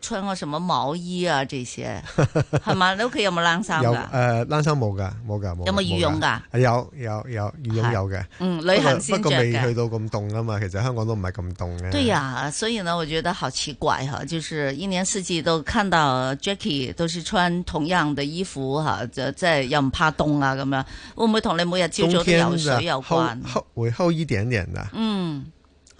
穿個什麼毛衣啊？這些係嘛？ 你屋企有冇冷衫噶？誒，冷衫冇噶，冇噶，冇。有冇羽絨噶？有有有羽絨有嘅。嗯，旅行先着嘅，不過未去到咁凍啊嘛，其實香港都唔係咁凍嘅。對呀，啊，所以呢，我覺得好奇怪嗬，就是一年四季都看到 Jackie 都是穿同樣的衣服吓，即係又唔怕凍啊咁樣，會唔會同你每日朝早都游水有關？厚微厚一點點的。嗯。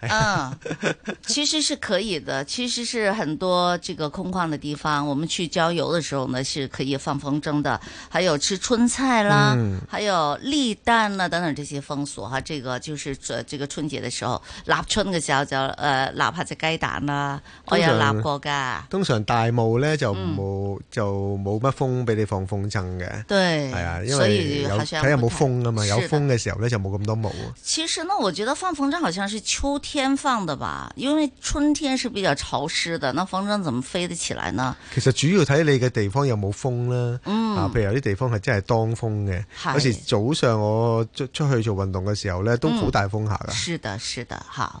嗯，其實是可以的。其實是很多這個空曠的地方，我們去郊遊的時候呢，是可以放風箏的。還有吃春菜啦，嗯、還有立蛋啦等等這些風俗哈、啊。這個就是這這個春節的時候，立春的時候就呃，立下隻雞蛋啦，常我有立過㗎。通常大霧呢就冇、嗯、就冇乜風俾你放風箏嘅。對，係啊，因為所以睇下有冇風啊嘛。有風嘅時候呢的就冇咁多霧。其實呢，我覺得放風箏好像是秋天。天放的吧，因為春天是比較潮濕的，那風箏怎麼飛得起來呢？其實主要睇你嘅地方有冇風啦、啊。嗯，啊，譬如有啲地方係真係當風嘅，係有時早上我出出去做運動嘅時候咧，都好大風下噶、嗯。是的，是的，吓。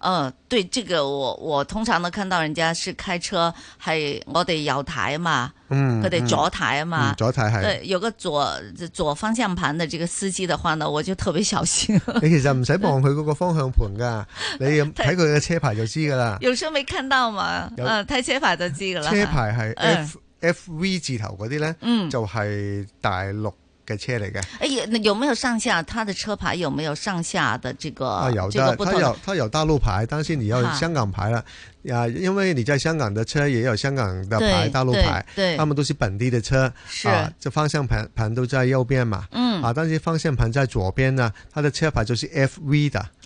嗯，對，這個我我通常都看到人家是開車係我哋右軚啊嘛，佢哋、嗯、左軚啊嘛、嗯，左軚係，對，有個左左方向盤的這個司機的話呢，我就特別小心。你其實唔使望佢嗰個方向盤噶， 你睇佢嘅車牌就知噶啦。 有車未看到嘛？有嗯睇車牌就知噶啦。車牌係 F、嗯、F V 字頭嗰啲呢，就係、是、大陸。嘅車嚟嘅，哎有有沒有上下？他的車牌有沒有上下的？這個啊，有的，的他有他有大陸牌，但是你要香港牌了。啊，因為你在香港的車也有香港的牌，對大陸牌，對，對他們都是本地的車，對啊，這方向盤盤都在右邊嘛，嗯是，啊，但是方向盤在左邊呢，他的車牌就是 FV 的。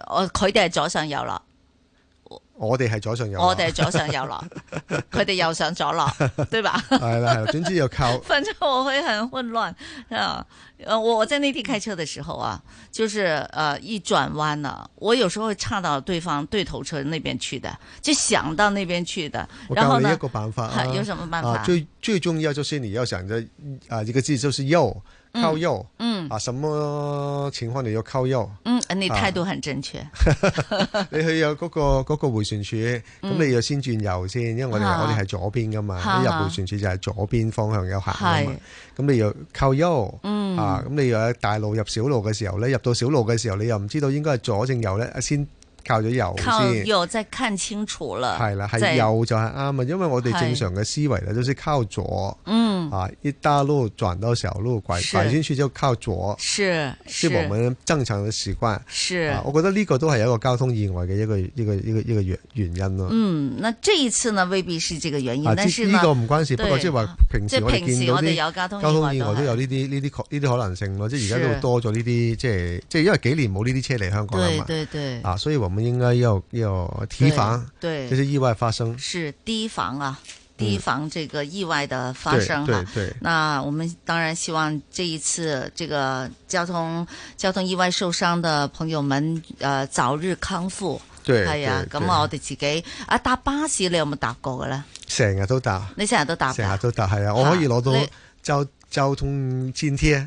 早我佢哋係左上右落，我哋係左上右落，我哋係左上右落，佢哋右上左落，對吧？係啦，總之要靠。反正我會很混亂啊！我我在內地開車的時候啊，就是，啊，一轉彎呢，啊，我有時候會差到對方對頭車那邊去的，就想到那邊去的。然後呢我教你一個辦法，啊啊，有什麼辦法？啊啊，最最重要就是你要想着啊，一個字就是右。靠右，嗯，啊、嗯，什麼情況你要靠右？嗯，你態度很正確。 你去有、那、嗰個嗰、那個回旋處，咁你要先轉右先，因為我哋、啊、我哋係左邊噶嘛，入、啊、回旋處就係左邊方向有行噶嘛，咁是你要靠右，嗯，啊，咁你又喺大路入小路嘅時候咧，入到小路嘅時候，你又唔知道應該係左正右咧，先。靠咗右先，右再看清楚了。係啦，係右就係啱啊，因為我哋正常嘅思維咧，就是靠左。嗯，啊，一大路轉到小路拐拐進去就靠左，是，是，我們正常嘅習慣。是、啊，我覺得呢個都係一個交通意外嘅一個一個一個一個原原因咯。嗯，那這一次呢，未必是這個原因，啊、但是呢這個唔關事。對不過即係話平時我哋見到啲交通意外都有呢啲呢啲呢啲可能性咯。即係而家都多咗呢啲，即係即係因為幾年冇呢啲車嚟香港啊嘛，對對對啊，所以話。我們應該要要提防，對，這是意外發生，是提防啊，提防這個意外的發生，啊嗯。對對。對那我們當然希望這一次這個交通交通意外受傷的朋友們，呃，早日康復。對。係啊，咁我哋自己啊，搭巴士你有冇搭過嘅咧？成日都搭。你成日都搭？成日都搭？係啊，我可以攞到交哈交通津貼。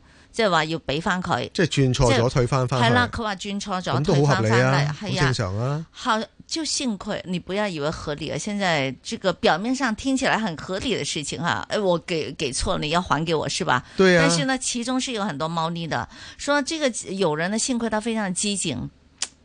即係話要俾翻佢，即係轉錯咗退翻翻。係啦，佢話轉錯咗退翻翻。咁都好合理啊，正常啊。吓，就幸虧你不要以為合理，現在這個表面上聽起來很合理嘅事情，哈，誒，我給給錯了，你要還給我是吧？對啊。但是呢，其中是有很多貓膩的。說這個有人呢，幸虧他非常機警。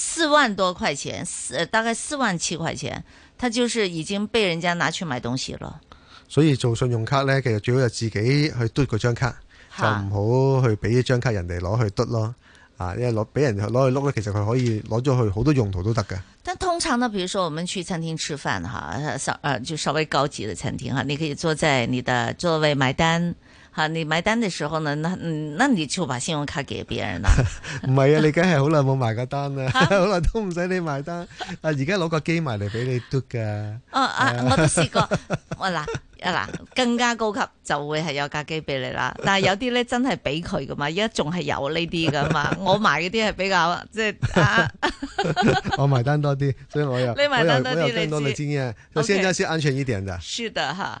四萬多塊錢，四大概四萬七塊錢，他就是已經被人家拿去買東西了。所以做信用卡呢，其實最好就是自己去篤嗰張卡，哈就唔好去俾一張卡人哋攞去篤咯。啊，因為攞俾人攞去碌呢，其實佢可以攞咗去好多用途都得㗎。但通常呢，比如說我們去餐廳吃飯哈，稍、啊、呃、啊、就稍微高級的餐廳哈，你可以坐在你的座位買單。你買單的時候呢？那、嗯、那你就把信用卡給別人啦。唔係 啊，你梗係好耐冇埋個單啦，好耐都唔使你埋單。啊，而家攞個機埋嚟俾你嘟噶。啊，我都試過。哇嗱、 啊，嗱更加高級就會係有架機俾你啦。但係有啲咧真係俾佢噶嘛，而家仲係有呢啲噶嘛。我埋嗰啲係比較即係我埋單多啲，所以我又，你埋單多啲，我有更多的經驗。所以現在是安全一點的。Okay, 是的，哈。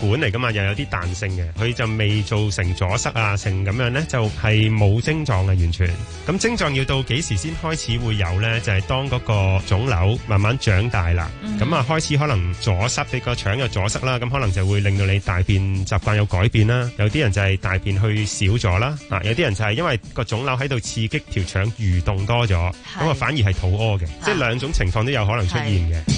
管嚟噶嘛，又有啲彈性嘅，佢就未造成阻塞啊，成咁樣呢就係冇症狀嘅完全。咁症狀要到幾時先開始會有呢？就係當嗰個腫瘤慢慢長大啦，咁啊開始可能阻塞你個腸又阻塞啦，咁可能就會令到你大便習慣有改變啦。有啲人就係大便去少咗啦，啊有啲人就係因為個腫瘤喺度刺激條腸蠕動多咗，咁啊反而係肚屙嘅，即係兩種情況都有可能出現嘅。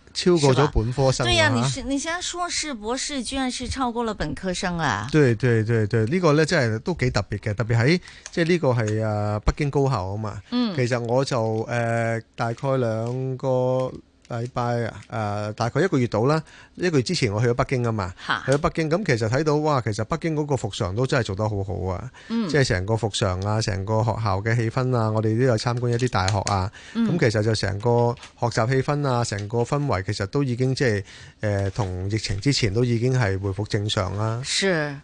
超過咗本科生，對呀、啊，你是你現在碩士博士，居然是超過了本科生啊！對對對對，這個、呢個呢真係都幾特別嘅，特別喺即係呢個係誒、啊、北京高校啊嘛。嗯，其實我就誒、呃、大概兩個。禮拜啊，誒、呃、大概一個月到啦。一個月之前我去咗北京啊嘛，啊去咗北京咁其實睇到哇，其實北京嗰個復常都真係做得好好啊，即係成個復常啊，成個學校嘅氣氛啊，我哋都有參觀一啲大學啊。咁、嗯、其實就成個學習氣氛啊，成個氛圍其實都已經即係誒同疫情之前都已經係回復正常啦、啊。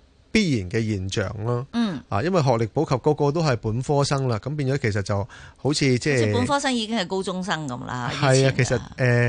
必然嘅現象咯，嗯啊，因為學歷普及個個都係本科生啦，咁變咗其實就好似即係本科生已經係高中生咁啦。係啊，其實誒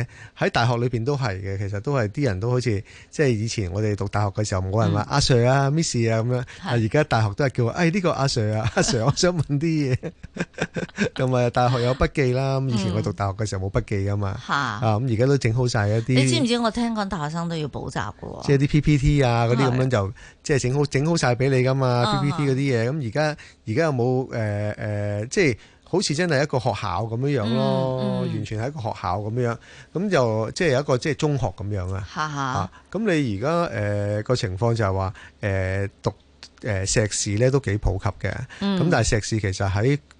喺、呃、大學裏邊都係嘅，其實都係啲人都好似即係以前我哋讀大學嘅時候冇人話阿 Sir 啊 Miss 啊咁樣，而家大學都係叫誒呢個阿 Sir 啊阿 Sir，我想問啲嘢。咁啊，大學有筆記啦，咁以前我讀大學嘅時候冇筆記噶嘛，嚇咁而家都整好晒一啲。你知唔知我聽講大學生都要補習嘅喎？即係啲 PPT 啊嗰啲咁樣就。是即係整好整好晒俾你㗎嘛 PPT 嗰啲嘢，咁而家而家有冇誒誒？即、呃、係、呃就是、好似真係一個學校咁樣樣咯，嗯嗯、完全係一個學校咁樣。咁就即係有一個即係、就是、中學咁樣哈哈啊。咁你而家誒個情況就係話誒讀誒碩、呃、士咧都幾普及嘅，咁、嗯、但係碩士其實喺。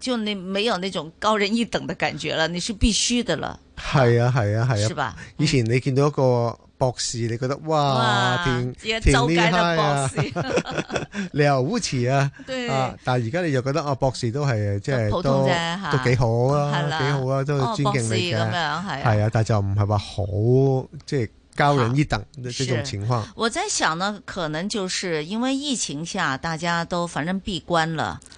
就你沒有那種高人一等的感覺了，你是必須的了。係啊，係啊，係啊，是吧？以前你見到一個博士，你覺得哇，天，周街都博士，你又好似啊。對，但係而家你又覺得啊，博士都係即係普通啫，都幾好啊，係啦，幾好啊，都尊敬你嘅。係啊，係啊，但係就唔係話好，即係高人一等呢種情況。我在想呢，可能就是因為疫情下，大家都反正閉關了。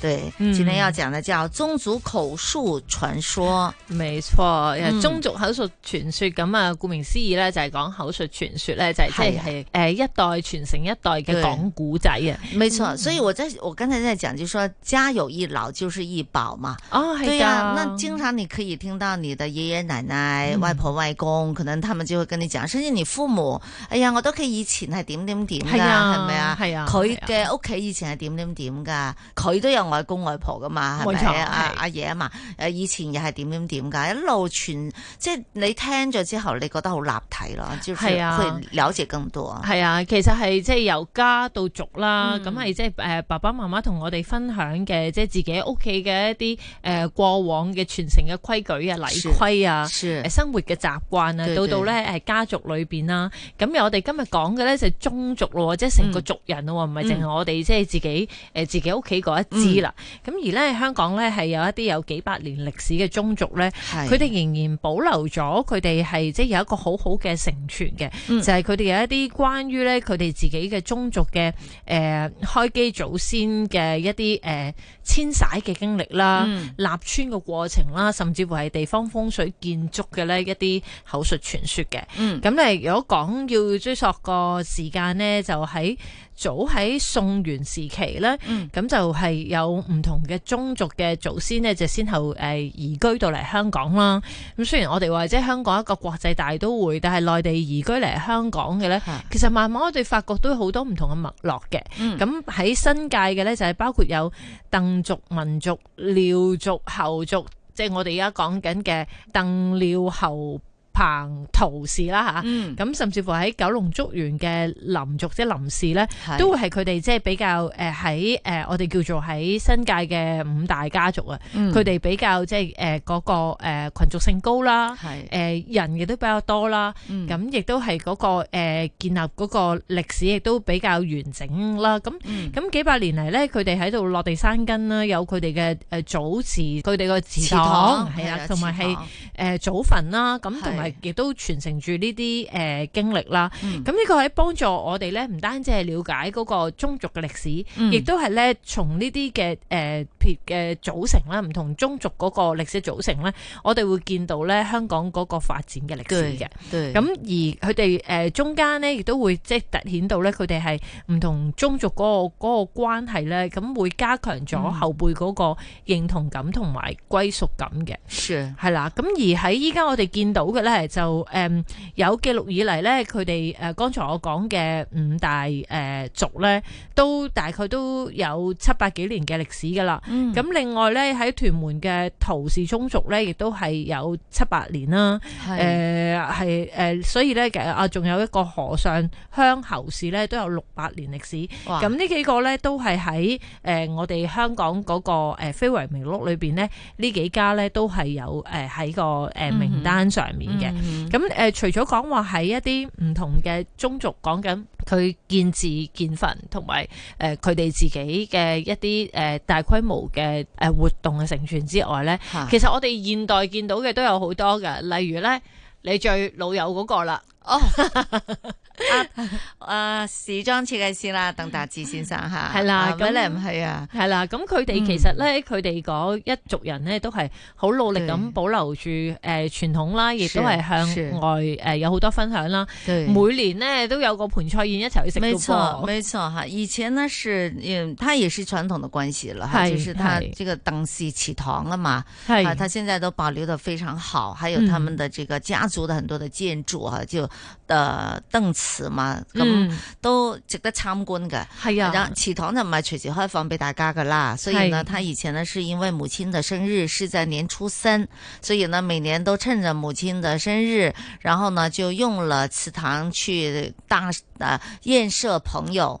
對，今天要講的叫宗族口述傳說，嗯、沒錯，宗族口述傳說咁啊。顧名思義呢，就係講口述傳說呢，就係即係誒一代傳承、啊、一代嘅講古仔啊。對沒錯，嗯、所以我在我剛才在講就，就說家有一老就是一寶嘛。哦，對啊，那經常你可以聽到你的爺爺奶奶、嗯、外婆外公，可能他們就會跟你講，甚至你父母。哎呀，我屋企以，以前係點點點噶，係咪啊？係吧啊，佢嘅屋企以前係點點點噶，佢都有。外公外婆噶嘛，係咪啊？阿爺啊嘛，誒，以前又係點點點噶，一路傳，即係你聽咗之後，你覺得好立體咯，係啊，會了解咁多。係啊，其實係即係由家到族啦，咁係即係誒，爸爸媽媽同我哋分享嘅，即係自己屋企嘅一啲誒過往嘅傳承嘅規矩啊、禮規啊，生活嘅習慣啊，到到咧誒家族裏邊啦。咁我哋今日講嘅咧就係宗族咯，即係成個族人咯，唔係淨係我哋即係自己誒自己屋企嗰一枝。啦，咁而咧香港咧係有一啲有幾百年歷史嘅宗族咧，佢哋是仍然保留咗佢哋係即係有一個好好嘅承傳嘅，嗯、就係佢哋有一啲關於咧佢哋自己嘅宗族嘅誒、呃、開基祖先嘅一啲誒遷徙嘅經歷啦、嗯、立村嘅過程啦，甚至乎係地方風水建築嘅咧一啲口述傳説嘅。咁咧、嗯、如果講要追溯個時間呢，就喺。早喺宋元時期呢，咁、嗯、就係有唔同嘅宗族嘅祖先呢，就是、先後移居到嚟香港啦。咁雖然我哋話即係香港一個國際大都會，但係內地移居嚟香港嘅呢，嗯、其實慢慢我哋發覺都有好多唔同嘅脈絡嘅。咁喺、嗯、新界嘅呢，就係、是、包括有鄧族、民族、廖族、後族，即、就、係、是、我哋而家講緊嘅鄧廖侯、行陶氏啦吓，咁甚至乎喺九龍竹園嘅林族即林氏咧，都會係佢哋即係比較誒喺誒我哋叫做喺新界嘅五大家族啊。佢哋比較即係誒嗰個誒群族性高啦，誒人亦都比較多啦。咁亦都係嗰個誒建立嗰個歷史亦都比較完整啦。咁咁幾百年嚟咧，佢哋喺度落地生根啦，有佢哋嘅誒祖祠，佢哋個祠堂係啊，同埋係誒祖墳啦。咁同埋。亦都傳承住呢啲誒經歷啦，咁呢、嗯、個喺幫助我哋咧，唔單止係了解嗰個宗族嘅歷史，嗯、亦都係咧從呢啲嘅誒別嘅組成啦，唔同宗族嗰個歷史組成咧，我哋會見到咧香港嗰個發展嘅歷史嘅。對，咁而佢哋誒中間咧亦都會即係凸顯到咧佢哋係唔同宗族嗰個嗰個關係咧，咁會加強咗後輩嗰個認同感同埋歸屬感嘅。嗯、是的，係啦、嗯，咁而喺依家我哋見到嘅咧。就誒有記錄以嚟咧，佢哋誒剛才我講嘅五大誒族咧，都大概都有七百幾年嘅歷史噶啦。咁、嗯、另外咧喺屯門嘅陶氏宗族咧，亦都係有七百年啦。誒係誒，所以咧啊，仲有一個河上鄉侯氏咧，都有六百年歷史。咁呢哇幾個咧都係喺誒我哋香港嗰個誒非遺名錄裏邊咧，呢幾家咧都係有誒喺個誒名單上面。嗯咁、嗯、除咗講話喺一啲唔同嘅宗族，講緊佢建寺建佛，同埋誒佢哋自己嘅一啲誒大規模嘅誒活動嘅成全之外咧，啊、其實我哋現代見到嘅都有好多嘅，例如咧，你最老友嗰個啦。哦 啊！時裝設計師啦，鄧達志先生吓，係啦 William 唔係啊，係啦，咁佢哋其實咧，佢哋嗰一族人咧，都係好努力咁保留住誒傳統啦，亦都係向外誒有好多分享啦。每年咧都有個盆菜宴一齊去食。沒錯，沒錯吓。以前呢是，嗯，他也是傳統的關係啦，就是他這個鄧氏祠堂啦嘛，係，他現在都保留得非常好，還有他們的這個家族的很多的建築啊，就，誒，鄧祠。祠嘛，咁、嗯、都值得參觀嘅。係啊、哎呀，祠堂就唔係隨時開放俾大家噶啦。所以呢，他對以前呢，是因為母親的生日是在年初三，所以呢，每年都趁着母親的生日，然後呢，就用了祠堂去大啊宴設朋友。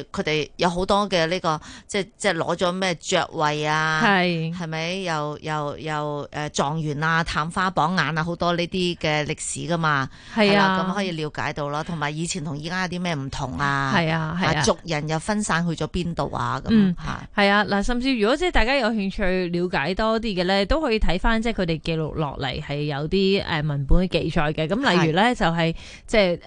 佢哋有好多嘅呢、這個，即係即係攞咗咩爵位啊？係係咪又又又誒狀元啊、探花榜眼啊，好多呢啲嘅歷史噶嘛？係啊，咁、啊啊、可以了解到咯，同埋以前同而家有啲咩唔同啊？係啊係啊，啊族人又分散去咗邊度啊？咁係係啊，嗱、啊，甚至如果即係大家有興趣了解多啲嘅咧，都可以睇翻即係佢哋記錄落嚟係有啲誒文本嘅記載嘅。咁例如咧是就係即係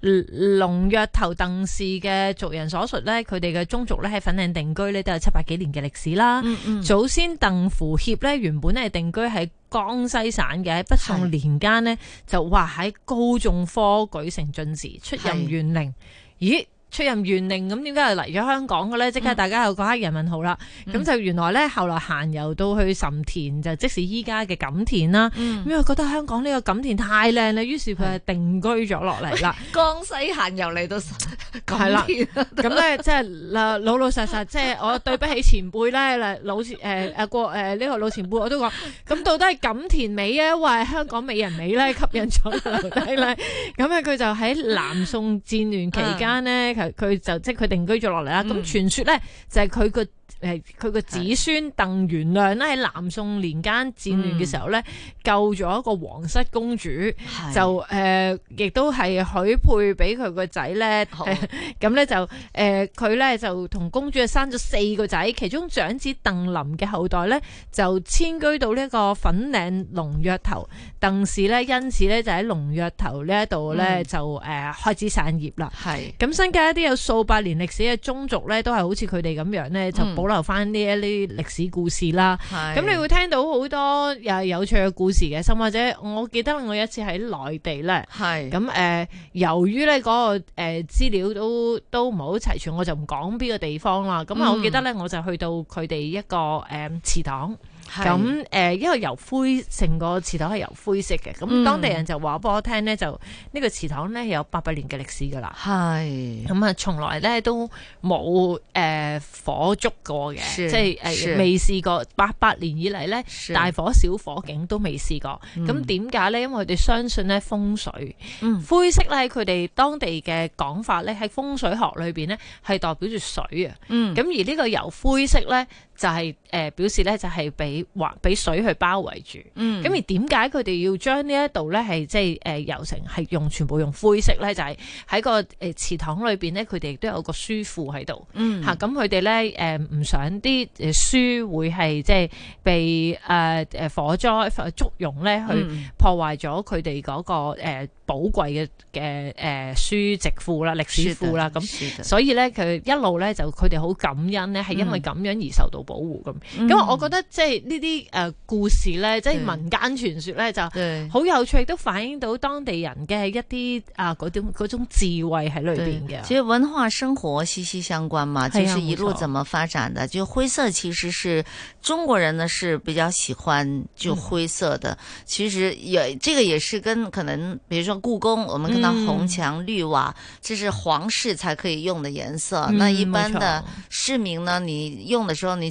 誒龍躍頭鄧氏嘅族人。所述咧，佢哋嘅宗族咧喺粉嶺定居咧都有七百幾年嘅歷史啦。嗯嗯，祖先鄧符協咧，原本咧係定居喺江西省嘅，喺北宋年間呢，就話喺高中科舉成進士，出任縣令。是咦？出任原陵咁，點解又嚟咗香港嘅咧？即刻大家又講下人問好啦。咁就、嗯、原來咧，後來閒遊到去岑田就，即使依家嘅錦田啦，咁、嗯、因為覺得香港呢個錦田太靚啦，於是佢係定居咗落嚟啦。嗯、 江西閒遊嚟到神係係啦。咁咧即係老老老實實，即係 我對不起前輩咧，老誒誒誒呢個老前輩我都講。咁到底係錦田美啊，還是香港美人美咧吸引咗留低咧？咁啊佢就喺南宋戰亂期間咧。嗯佢就即係佢定居咗落嚟啦，咁嗯，傳說咧就係佢個。誒，佢個子孫鄧元亮咧，喺南宋年間戰亂嘅時候咧，救咗一個皇室公主，嗯、就誒是、呃，亦都係許配俾佢個仔呢咁呢，好 就誒，佢、呃、呢，就同公主生咗四個仔，其中長子鄧林嘅後代呢，就遷居到呢個粉嶺龍躍頭。鄧氏呢，因此呢，就喺龍躍頭呢一度呢，就誒開始散業啦。係咁、嗯，新界一啲有數百年歷史嘅宗族呢，都係好似佢哋咁樣呢。就、嗯。保留翻呢一啲歷史故事啦，咁是你會聽到好多有趣嘅故事嘅。甚至我記得我有一次喺內地咧，咁是、呃、由於咧、那、嗰個資、呃、資料都都唔好齊全，我就唔講邊個地方啦。咁啊、嗯，我記得咧我就去到佢哋一個祠堂。呃咁誒是、呃，因為由灰，成個祠堂係由灰色嘅，咁、嗯、當地人就話俾我聽咧，就個呢個祠堂咧有八百年嘅歷史噶啦。係咁啊，從來咧都冇誒、呃、火燭過嘅，是即係誒未試過八百年以嚟咧是大火小火警都未試過。咁點解咧？因為佢哋相信咧風水，嗯、灰色咧佢哋當地嘅講法咧喺風水學裏邊咧係代表住水啊。咁、嗯、而呢個由灰色咧。就係、是、誒、呃、表示咧，就係俾環俾水去包圍住。嗯。咁而點解佢哋要將呢一度咧係即係誒遊城係用全部用灰色咧？就係、是、喺個誒祠堂裏邊咧，佢哋都有個書庫喺度。嗯。咁佢哋咧誒唔想啲書會係即係被誒誒、呃、火災火燭咧去破壞咗佢哋嗰個誒寶貴嘅嘅誒書籍庫啦、歷史庫啦。咁、啊，所以咧佢一路咧就佢哋好感恩咧，係因為咁樣而受到。保護咁，咁、嗯、我覺得即係呢啲誒故事咧，即係民間傳說咧，對就好有趣，都反映到當地人嘅一啲啊嗰種、嗰種智慧喺裏邊嘅。其實文化生活息息相關嘛，就是一路怎麼發展的，是啊，就灰色其實是中國人呢，是比較喜歡就灰色的。嗯，其實也這個也是跟可能，比如說故宮，我們看到紅牆，嗯，綠瓦，這就是皇室才可以用的顏色。嗯，那一般的市民呢，你用的時候你。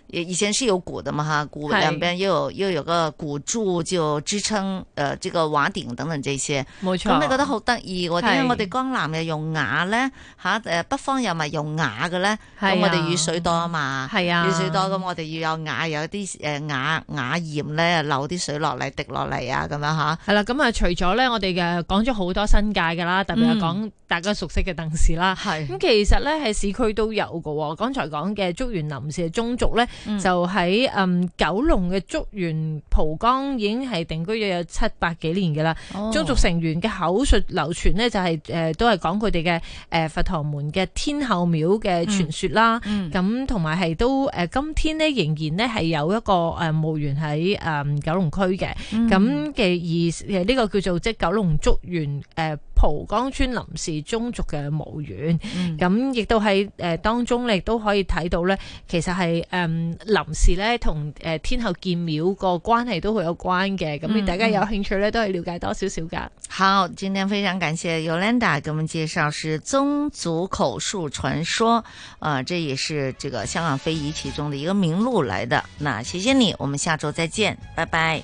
以前先有鼓的嘛，哈，鼓兩邊要有又有個鼓柱就支撐，誒、呃，這個瓦頂等等這些，咁錯你覺得好得意喎？我是點解我哋江南又用瓦咧，吓，誒，北方又咪用瓦嘅咧？咁、啊、我哋雨水多啊嘛，係啊，雨水多，咁我哋要有瓦，有啲誒瓦瓦檐咧，流啲水落嚟，滴落嚟啊，咁樣吓。係啦，咁啊，除咗咧，我哋嘅講咗好多新界嘅啦，特別係講大家熟悉嘅鄧氏啦，係、嗯，咁其實咧喺市區都有嘅。剛才講嘅竹園林氏宗族咧。就喺嗯，嗯九龍嘅竹園蒲江已經係定居咗有七百幾年嘅啦，宗、哦、族成員嘅口述流傳咧就係、是、誒、呃、都係講佢哋嘅誒佛堂門嘅天后廟嘅傳說啦，咁同埋係都誒、呃、今天呢，仍然呢係有一個誒墓園喺誒九龍區嘅，咁嘅、嗯、而誒呢個叫做即九龍竹園誒。呃蒲江村林氏宗族嘅墓園，咁亦都喺誒當中咧，亦都可以睇到咧，其實係誒臨時咧同誒天后建廟個關係都會有關嘅，咁大家有興趣咧都可以了解多少少噶。嗯嗯、好，今天非常感謝 Yolanda 給我們介紹，是宗族口述傳說，啊、呃，這也是這個香港非遺其中的一個名錄嚟嘅。嗱，謝謝你，我們下周再見，拜拜。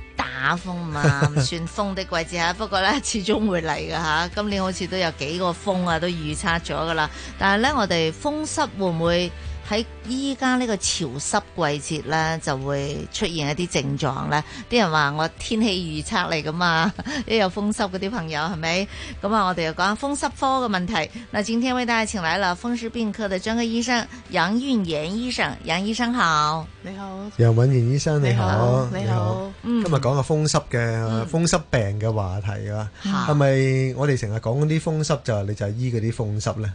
打風嘛，唔算風的季節吓。不過呢，始終會嚟㗎。今年好似都有幾個風啊，都預測咗㗎啦。但係呢，我哋風濕會唔會？喺依家呢個潮濕季節咧，就會出現一啲症狀咧。啲人話我天氣預測嚟噶嘛，一有風濕嗰啲朋友係咪？咁啊，我哋又講下風濕科嘅問題。那今天為大家請來了風濕病科嘅張醫生楊允賢醫生，楊醫生好，你好。楊允賢醫生你好，你好，你好。嗯、今日講個風濕嘅風濕病嘅話題啊，係咪、嗯、我哋成日講嗰啲風濕就係你就係醫嗰啲風濕咧？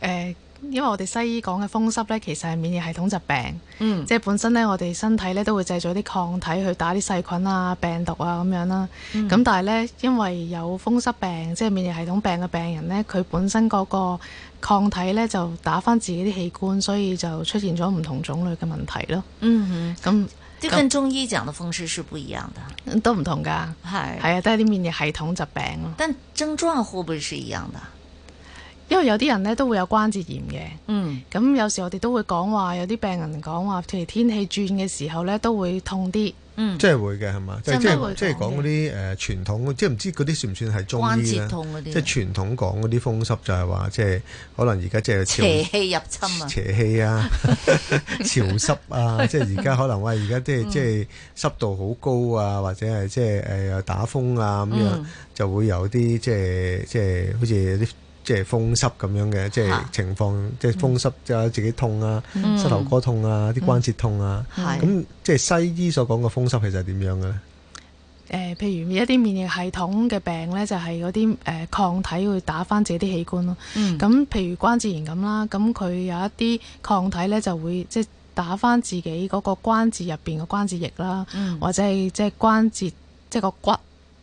誒、欸。因為我哋西醫講嘅風濕咧，其實係免疫系統疾病，嗯、即係本身咧，我哋身體咧都會製造啲抗體去打啲細菌啊、病毒啊咁樣啦、啊。咁、嗯、但係咧，因為有風濕病，即係免疫系統病嘅病人咧，佢本身嗰個抗體咧就打翻自己啲器官，所以就出現咗唔同種類嘅問題咯。嗯哼，咁即那跟中醫講嘅風濕是不一樣的，都唔同噶，係係啊，都係啲免疫系統疾病咯。但症狀會唔會是，是一樣的？因為有啲人咧都會有關節炎嘅，咁、嗯、有時我哋都會講話，有啲病人講話，譬如天氣轉嘅時候咧都會痛啲，嗯、即係會嘅係嘛？是即係即係講嗰啲誒傳統，即係唔知嗰啲算唔算係中醫咧？痛即係傳統講嗰啲風濕就係話，即係可能而家即係邪氣入侵啊，邪氣啊， 潮濕啊，即係而家可能話而家即係即係濕度好高啊，嗯、或者係即係誒、呃、打風啊咁樣，就會有啲即係即係好似有啲。即係風濕咁樣嘅，即係情況，啊、即係風濕就有自己痛啊，嗯、膝頭哥痛啊，啲、嗯、關節痛啊。咁、嗯、即係西醫所講嘅風濕其實係點樣嘅咧？誒、呃，譬如一啲免疫系統嘅病咧，就係嗰啲誒抗體會打翻自己啲器官咯。咁、嗯、譬如關節炎咁啦，咁佢有一啲抗體咧就會即係打翻自己嗰個關節入邊嘅關節液啦，嗯、或者係即係關節即係個骨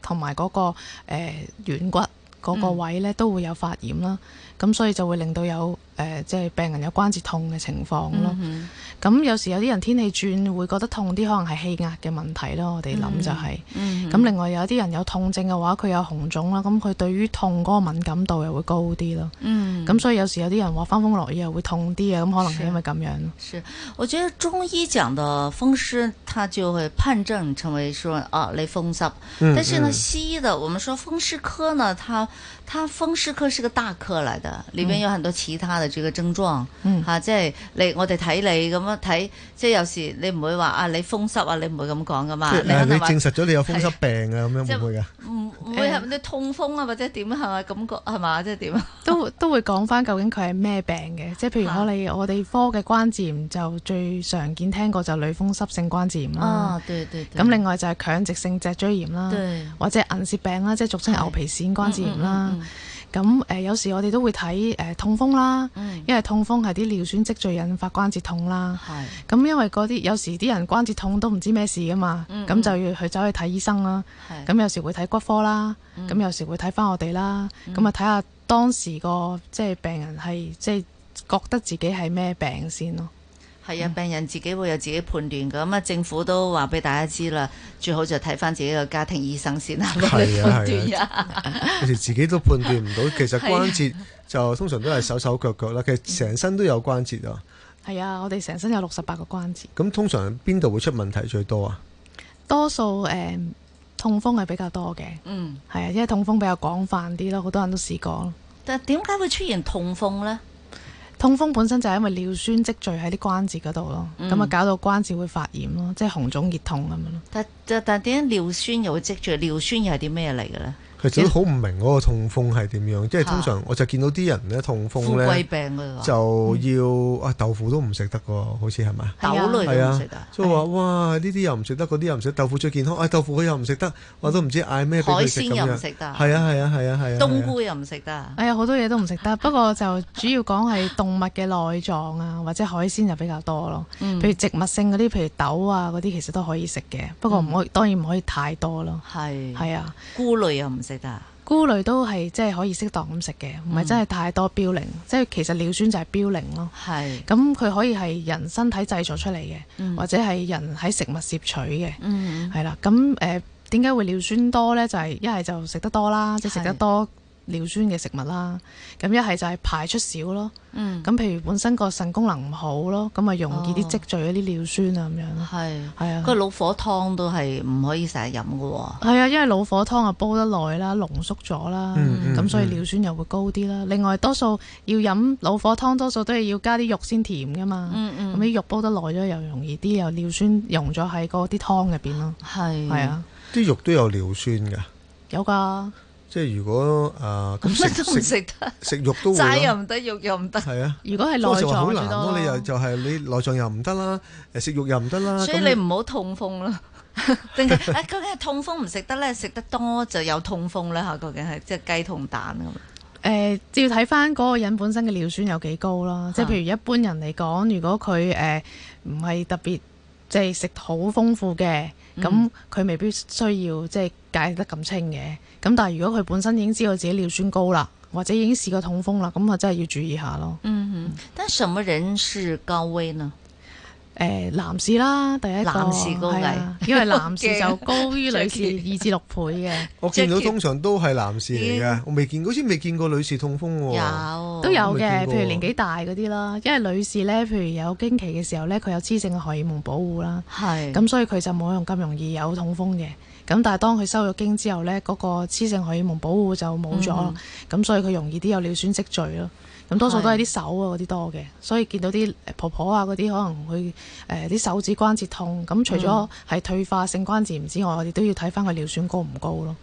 同埋嗰個誒呃、軟骨。嗰個位咧都會有發炎啦，咁所以就會令到有。誒、呃，即係病人有關節痛嘅情況咯。咁、mm hmm. 有時有啲人天氣轉會覺得痛啲，可能係氣壓嘅問題咯。我哋諗就係、是，咁、mm hmm. 另外有啲人有痛症嘅話，佢有紅腫啦，咁佢對於痛嗰個敏感度又會高啲咯。咁、mm hmm. 所以有時有啲人話翻風落雨又會痛啲嘅，咁可能係因為咁樣是。是，我覺得中醫講的風濕，他就會判症成為說啊你風濕，但是呢西醫的我們說風濕科呢，他。他風濕科是個大科嚟的，裏邊有很多其他的這個症狀，吓，即係你我哋睇你咁樣睇，即係有時你唔會話啊你風濕啊，你唔會咁講噶嘛？你證實咗你有風濕病啊？咁樣會唔會噶？會係你痛風啊，或者點係嘛？感覺係嘛？即係點啊？都都會講翻究竟佢係咩病嘅？即係譬如我哋我哋科嘅關節炎就最常見聽過就類風濕性關節炎啦。哦，對對。咁另外就係強直性脊椎炎啦，或者銀屑病啦，即係俗稱牛皮癬關節炎啦。咁誒、嗯呃，有時我哋都會睇誒、呃、痛風啦，嗯、因為痛風係啲尿酸積聚引發關節痛啦。係咁是，因為嗰啲有時啲人關節痛都唔知咩事噶嘛，咁、嗯嗯、就要去走去睇醫生啦。咁是有時會睇骨科啦，咁、嗯、有時會睇翻我哋啦。咁啊、嗯，睇下當時、那個即係、就是、病人係即係覺得自己係咩病先咯。係啊，病人自己會有自己判斷嘅，咁啊，政府都話俾大家知啦，最好就睇翻自己嘅家庭醫生先啦，判斷。有時、係啊、係啊、 自己都判斷唔到。其實關節就通常都係手手腳腳啦，其實成身都有關節啊。係啊，我哋成身有六十八個關節。咁通常邊度會出問題最多啊？多數誒、呃、痛風係比較多嘅。嗯，係啊，因為痛風比較廣泛啲咯，好多人都試過。但係點解會出現痛風咧？痛風本身就係因為尿酸積聚喺啲關節嗰度咯，咁啊、嗯、搞到關節會發炎咯，即係紅腫熱痛咁樣咯。但但但點解尿酸又會積聚？尿酸又係啲咩嚟嘅咧？其實都好唔明嗰個痛風係點樣？即係通常我就見到啲人咧痛風咧就要啊豆腐都唔食得喎，好似係咪？豆類都唔食得，所以話哇呢啲又唔食得，嗰啲又唔食。豆腐最健康，哎豆腐佢又唔食得，我都唔知嗌咩俾佢食。海鮮又唔食得。係啊係啊係啊係。冬菇又唔食得。哎呀好多嘢都唔食得，不過就主要講係動物嘅內臟啊，或者海鮮就比較多咯。譬如植物性嗰啲，譬如豆啊嗰啲，其實都可以食嘅，不過唔可以當然唔可以太多咯。係。係啊。菇類又唔食。菇類都係即係可以適當咁食嘅，唔係真係太多嘌呤。即係其實尿酸就係嘌呤咯。係。咁佢可以係人身體製造出嚟嘅，或者係人喺食物攝取嘅。係啦、嗯。咁誒，點解會尿酸多呢？就係一係就食得多啦，即係食得多。就是吃得多尿酸嘅食物啦，咁一係就係排出少咯，咁、嗯、譬如本身個腎功能唔好咯，咁咪、哦、容易啲積聚一啲尿酸啊咁樣。係係是啊，個老火湯都係唔可以成日飲㗎喎。係啊，因為老火湯啊煲得耐啦，濃縮咗啦，咁、嗯嗯、所以尿酸又會高啲啦。嗯、另外多數要飲老火湯，多數都係要加啲肉先甜㗎嘛、嗯。嗯咁啲肉煲得耐咗又容易啲，又尿酸溶咗喺嗰啲湯入邊咯。係係是啊，啲肉都有尿酸㗎。有㗎。即係如果啊，咁食食食肉都，齋又唔得，肉又唔得。係啊，如果係內臟好難，多就係你內臟又唔得啦，食 肉又唔得啦。所以你唔好痛風咯、 哎，究竟係痛風唔食得咧？食得多就有痛風咧嚇。究竟係即係雞同蛋咁。誒、呃，要睇翻嗰個人本身嘅尿酸有幾高啦。即係譬如一般人嚟講，如果佢誒唔係特別。即係食好豐富嘅，咁佢未必需要即係、就是、戒得咁清嘅。咁但係如果佢本身已經知道自己尿酸高啦，或者已經試過痛風啦，咁啊真係要注意一下咯。嗯哼，嗯但什麼人是高危呢？誒、呃、男士啦，第一個男士高、啊，因為男士就高於女士二至六倍嘅。 我見到通常都係男士嚟嘅 Yeah.，我未見過，好似未見過女士痛風喎。有都有嘅，譬如年紀大嗰啲啦，因為女士咧，譬如有經期嘅時候咧，佢有雌性荷爾蒙保護啦，咁是所以佢就冇用咁容易有痛風嘅。咁但係當佢收咗經之後咧，嗰、那個雌性荷爾蒙保護就冇咗，咁、嗯、所以佢容易啲有尿酸積聚咯。咁多數都係啲手啊嗰啲多嘅，所以見到啲婆婆啊嗰啲可能佢誒啲手指關節痛，咁除咗係退化性關節炎之外，嗯、我哋都要睇翻佢尿酸高唔高咯。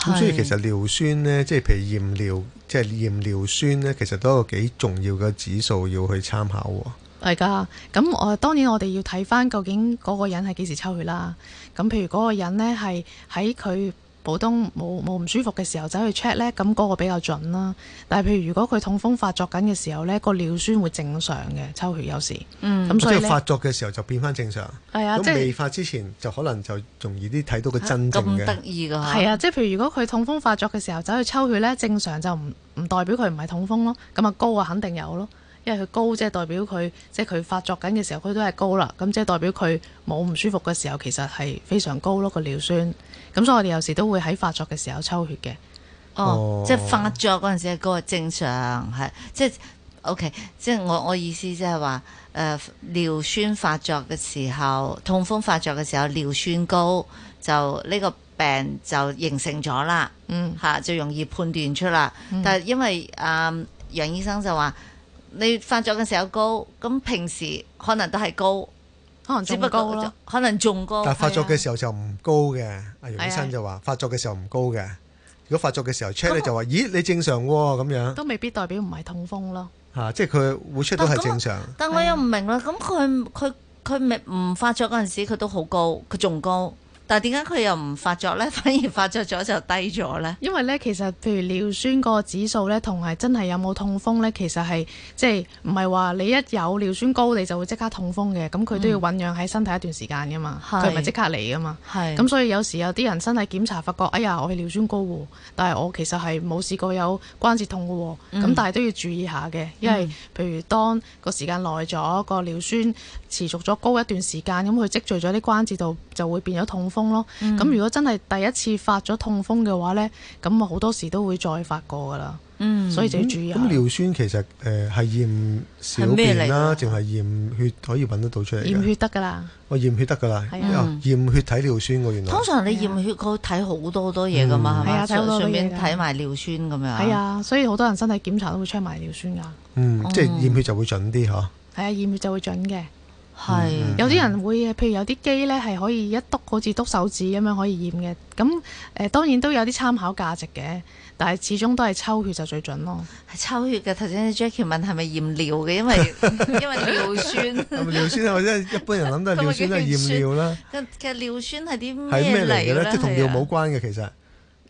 咁是的 所以其實尿酸呢，即係譬如驗尿，即係驗尿酸呢，其實都有一個幾重要嘅指數要去參考喎。係㗎，咁我當然我哋要睇翻究竟嗰個人係幾時抽血啦。咁譬如嗰個人呢，係喺佢普通冇冇唔舒服嘅時候走去 check 咧，咁嗰個比較準啦。但係譬如如果佢痛風發作緊嘅時候咧，個尿酸會正常嘅抽血有時。嗯，咁所以發作嘅時候就變翻正常。係啊，未發之前，啊、就可能就容易啲睇到佢真正嘅。得意噶，係啊，啊，即係譬如如果佢痛風發作嘅時候走去抽血咧，正常就唔唔代表佢唔係痛風咯。咁啊高啊肯定有咯，因為佢高即係代表佢即係佢發作緊嘅時候佢都係高啦。咁即係代表佢冇唔舒服嘅時候其實係非常高咯個尿酸。咁所以我哋有時都會喺發作嘅時候抽血嘅，哦，哦即係發作嗰陣時嘅高係正常，係即係 OK，即係我我意思即係話，誒、呃、尿酸發作嘅時候，痛風發作嘅時候尿酸高，就呢個病就形成咗啦，嗯，嚇就容易判斷出啦，嗯、但係因為啊、呃、楊醫生就話，你發作嘅時候高，咁平時可能都係高。可能仲高咯，可能仲高。但係發作嘅時候就唔高嘅，阿楊醫生就話：發作嘅時候唔高嘅。的如果發作嘅時候 check 你我就話：咦，你正常喎咁樣。都未必代表唔係痛風咯。吓、啊，即係佢會 check 都係正常但但。但我又唔明啦，咁佢佢佢咪唔發作嗰陣時，佢都好高，佢仲高。但點解佢又唔發作咧？反而發作咗就低咗咧？因為咧，其實譬如尿酸嗰個指數咧，同係真係有冇痛風咧，其實係即係唔係話你一有尿酸高你就會即刻痛風嘅？咁佢都要醞釀喺身體一段時間噶嘛，佢咪即刻嚟噶嘛。咁係所以有時有啲人身體檢查發覺，係係哎呀，我係尿酸高喎，但係我其實係冇試過有關節痛嘅喎。咁、嗯、但係都要注意下嘅，因為譬如當個時間耐咗，個尿、嗯、酸持續咗高一段時間，咁佢積聚咗啲關節度就會變咗痛風。咯，咁、嗯、如果真係第一次發咗痛風嘅話咧，咁啊好多時都會再發過噶啦，所以就要注意。咁尿、嗯、酸其實誒係驗小便啦，淨係驗血可以揾得到出嚟。驗血得噶啦，我驗、哦、血得噶啦，驗、嗯哦、血睇尿酸喎原來。通常你驗血佢會睇好多好多嘢噶嘛，係咪、嗯、吧啊？順便睇埋尿酸咁樣。係啊，所以好多人身體檢查都會 check 埋尿酸噶。嗯，嗯即係驗血就會準啲嗬。係啊，驗血就會準嘅。係是有啲人，會譬如有啲機咧，係可以一篤，好似篤手指咁樣可以驗嘅，咁誒、呃、當然都有啲參考價值嘅，但係始終都係抽血就最準咯。抽血嘅頭先 Jackie 問係咪驗尿嘅，因為 因為尿酸。尿 酸係咪即係一般人諗都係尿酸都係驗尿啦？ 其實尿酸係啲咩嚟嘅咧？即係同尿冇關嘅的其實。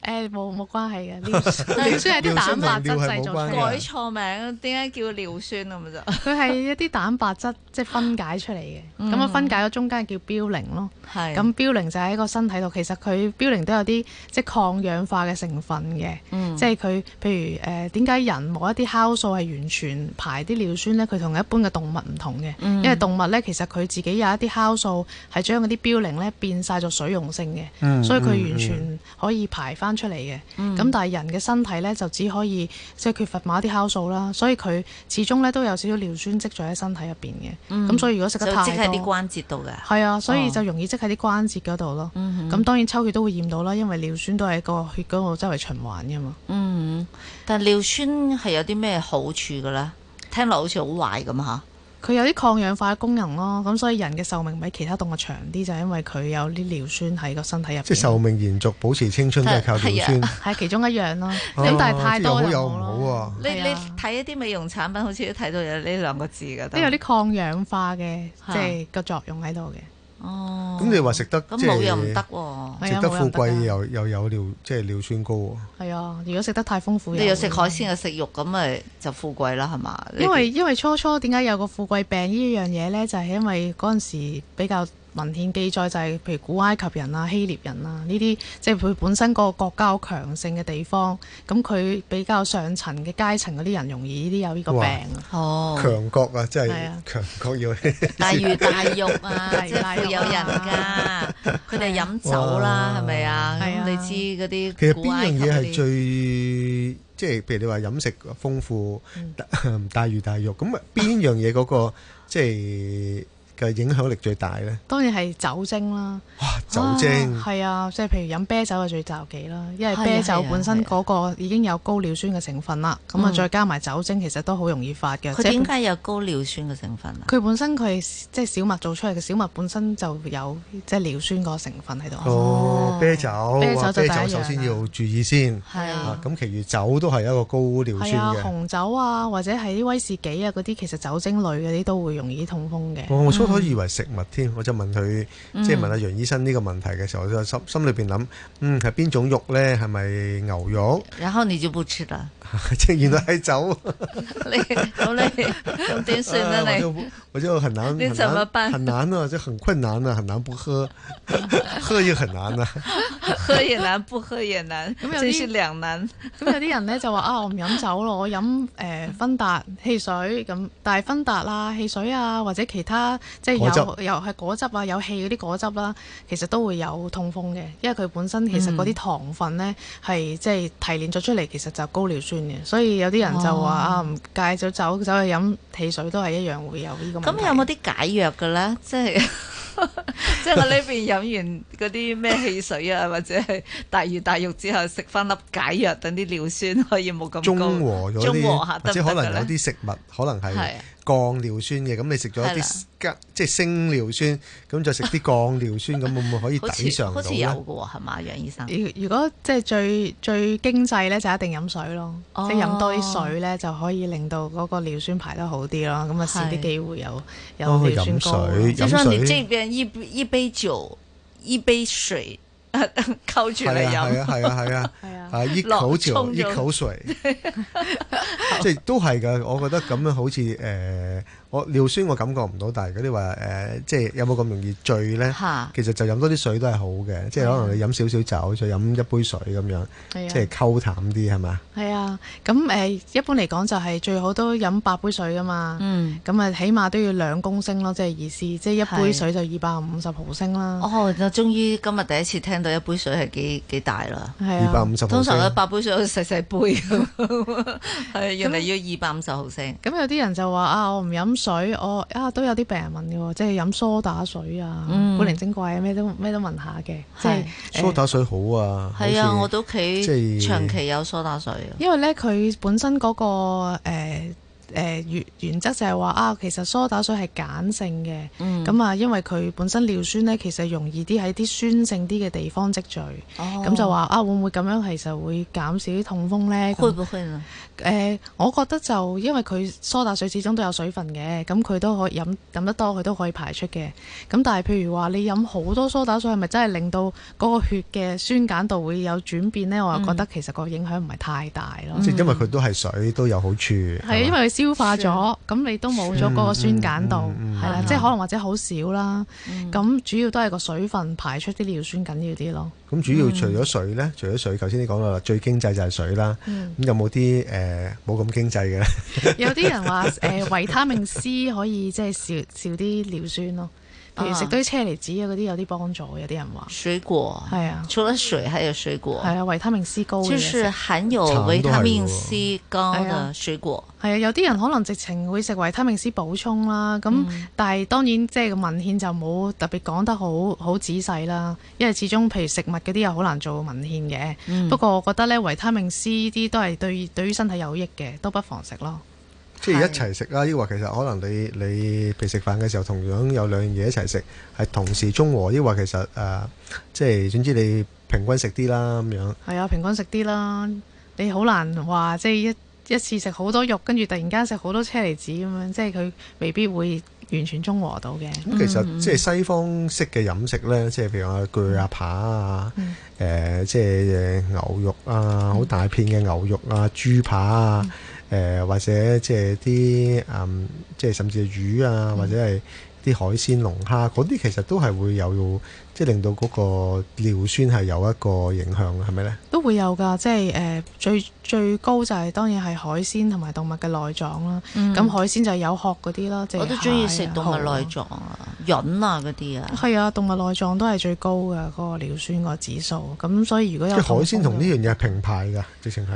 誒，冇冇關係嘅，尿尿酸係啲 蛋白質製造，改錯名，點解叫尿酸咁就？佢係一啲蛋白質即係、就是、分解出嚟嘅，咁啊、嗯、分解咗中間叫嘌呤咯。咁嘌呤就喺個身體度，其實佢嘌呤都有啲即係抗氧化嘅成分嘅，嗯、即係佢譬如誒點解人冇一啲酵素係完全排啲尿酸呢？佢同一般嘅動物唔同嘅，嗯、因為動物呢，其實佢自己有一啲酵素係將啲嘌呤咧變晒做水溶性嘅，嗯、所以佢完全可以排翻出嚟嘅，咁、嗯、但係人嘅身體咧就只可以即係缺乏某啲酵素啦，所以佢始終咧都有少少尿酸積在喺身體入邊嘅，咁所以如果食得太多，就積喺啲關節度嘅，係啊，所以就容易積喺啲關節嗰度咯。咁、哦嗯嗯、當然抽血都會驗到啦，因為尿酸都係個血嗰度周圍循環噶嘛。嗯，但尿酸係有啲咩好處嘅咧？聽落好似好壞咁吓。佢有啲抗氧化功能咯，咁所以人嘅壽命比其他動物長啲，就係、係、因為佢有啲尿酸喺個身體入邊。即係壽命延續、保持青春都係靠尿酸，係、啊、 其中一樣咯、啊啊啊。咁但係太多又唔好咯。你你睇一啲美容產品，好似都睇到有呢兩個字㗎，都有啲抗氧化嘅，啊、即係個作用喺度嘅。哦，咁你話食得，咁冇又唔得喎，食得富貴又又有尿，即係尿酸高喎。係啊，如果食得太豐富，你又食海鮮又食肉，咁咪就富貴啦，係嘛？因為因為初初點解有個富貴病呢樣嘢咧，就係因為嗰陣時比較。文獻記載就係譬如古埃及人啊、希臘人啊呢啲，即係佢本身嗰個國家強盛嘅地方，咁佢比較上層嘅階層嗰啲人容易呢啲有呢個病。嘩哦，強國啊，真係強國要、啊、 大魚大肉啊，大，大肉、啊、富有人家，佢哋、啊、飲酒啦，係咪哇啊？是啊，你知嗰啲其實邊樣嘢係最即係譬如你話飲食豐富，嗯、大魚大肉咁啊？邊樣嘢嗰、那個 即係？係影響力最大呢當然係酒精啦。哇，酒精係啊，即係、啊就是、譬如飲啤酒嘅最罩忌啦，因為啤酒本身嗰個已經有高尿酸嘅成分啦，咁啊、嗯、再加埋酒精，其實都好容易發嘅。佢點解有高尿酸嘅成分啊？佢本身佢即係小麥做出嚟嘅小麥本身就有即係、就是、尿酸個成分喺度。哦，啤酒，啤酒就啤酒首先要注意先。係啊，咁其餘酒都係一個高尿酸嘅。係啊，紅酒啊，或者係啲威士忌啊嗰啲，其實酒精類嗰啲都會容易痛風嘅。哦我以為是食物添，我就問佢，即、就、係、是、問阿楊醫生呢個問題嘅時候，我就心心裏邊諗，嗯，係邊種肉咧？係咪牛肉？然後你就不吃了，即 原來係是酒， 你好咧，有啲孫啦咧，我就我就很難，很難你怎麼辦？很難啊，就很困難啊，很難不喝， 喝也很難啊， 喝也難，不喝也難， 真是兩難。咁 有啲人咧就話啊，我唔飲酒咯，我飲誒芬達汽水咁，但係芬達啦，汽水啊或者其他。即係有又係果汁啊，有氣嗰啲果汁啦，其實都會有痛風嘅，因為佢本身其實嗰啲糖分呢，係即係提煉咗出嚟，其實就高尿酸嘅，所以有啲人就話啊，唔戒咗酒走去飲汽水都係一樣會有呢個問題。咁有冇啲解藥㗎呢？即係即係我呢邊飲完嗰啲咩汽水啊，或者係大魚大肉之後食翻粒解藥，等啲尿酸可以冇咁高，中和咗啲，中和下，或者可能有啲食物可能係，降尿酸嘅，咁你食咗啲即係升尿酸，咁就食啲降尿酸，咁 會唔會可以抵上到，好似好似有㗎，係嘛，楊醫生。如果即係最最經濟咧，就一定飲水咯，哦、即係飲多啲水咧，就可以令到嗰個尿酸排得好啲咯。咁啊、哦，試啲機會有有、哦、水，飲水，飲水。就算你這邊一杯一杯酒，一杯水。扣住，嚟飲，係啊係啊係啊係啊，是啊一口潮一口水，即係都係嘅。我覺得咁樣好似誒。呃尿酸我感覺唔到，但係嗰啲話誒，即係有冇咁容易醉咧？其實就飲多啲水都係好嘅，的即係可能你飲少少酒，再飲一杯水咁樣，即係溝淡啲係咪啊？係啊的，咁誒吧、呃、一般嚟講就係最好都飲八杯水㗎嘛。嗯，咁啊起碼都要兩公升咯，即、就、係、是、意思，即係一杯水就二百五十毫升啦。哦，就終於今日第一次聽到一杯水係幾幾大啦？二百五十毫升。通常咧八杯水我細細杯，係 原來要二百五十毫升。咁有啲人就話啊，我唔飲。水我啊都有啲病人問嘅，即係飲梳打水啊，嗯、古靈精怪啊，咩都咩都問下嘅，即係梳打水好啊。係啊，像我屋企長期有梳打水，啊。因為咧，佢本身嗰、嗰個、呃誒原、呃、原則就係話啊，其實梳打水係鹼性嘅，咁啊、嗯，因為佢本身尿酸咧，其實容易啲喺啲酸性啲嘅地方積聚，咁、哦嗯、就話啊，會唔會咁樣其實會減少痛風呢？會唔會啊、呃？我覺得就因為佢梳打水始終都有水分嘅，咁佢都可以飲，飲得多，佢都可以排出嘅。咁但係譬如話你飲好多梳打水，係咪真係令到嗰個血嘅酸鹼度會有轉變呢？嗯、我又覺得其實個影響唔係太大咯。即、嗯、因為佢都係水，都有好處。係嗎因為。消化咗，咁、嗯、你都冇咗嗰個酸鹼度，係啦，即係可能或者好少啦。咁、嗯、主要都係個水分排出啲尿酸緊要啲咯。咁主要除咗水呢？嗯、除咗水，頭先你講到最經濟就係水啦。咁、嗯、有冇啲誒冇咁經濟嘅咧？有啲人話誒、 呃、維他命 C 可以即係少少啲尿酸咯。譬如食堆車厘子啊，嗰啲有啲幫助，有啲人話。水果係啊，除咗水，還有水果。係啊，維他命 C 高的。即係含有維他命 C 高嘅水果。係啊，有啲人可能直情會食維他命 C 補充啦，咁、嗯、但係當然即係個文獻就冇特別講得好好仔細啦，因為始終譬如食物嗰啲又好難做文獻嘅。嗯、不過我覺得咧，維他命 C 啲都係對對於身體有益嘅，都不妨食咯。即係一齊食啦，抑或其實可能你你譬如食飯嘅時候，同樣有兩樣嘢一齊食，係同時中和，抑或其實誒，即、呃、係總之你平均食啲啦咁樣。係啊，平均食啲啦，你好難話即係一一次食好多肉，跟住突然間食好多車厘子咁樣，即係佢未必會完全中和到嘅。咁、嗯、其實即係西方式嘅飲食咧，即係譬如話鋸啊扒啊，誒、嗯呃、即係牛肉啊，好、嗯、大片嘅牛肉啊，豬扒啊。嗯誒、呃、或者即係啲嗯，即係甚至係魚啊，或者係啲海鮮、龍蝦嗰啲，嗯、其實都係會有，即係令到嗰個尿酸係有一個影響，係咪呢？都會有㗎，即係誒、呃、最最高就係、是、當然係海鮮同埋動物嘅內臟啦。咁、嗯、海鮮就係有殼嗰啲啦。即我都中意食動物內臟啊，潤啊嗰啲啊。係啊，啊，啊，動物內臟都係最高嘅嗰、那個尿酸個指數。咁所以如果有即海鮮同呢樣嘢係平排㗎，直情係。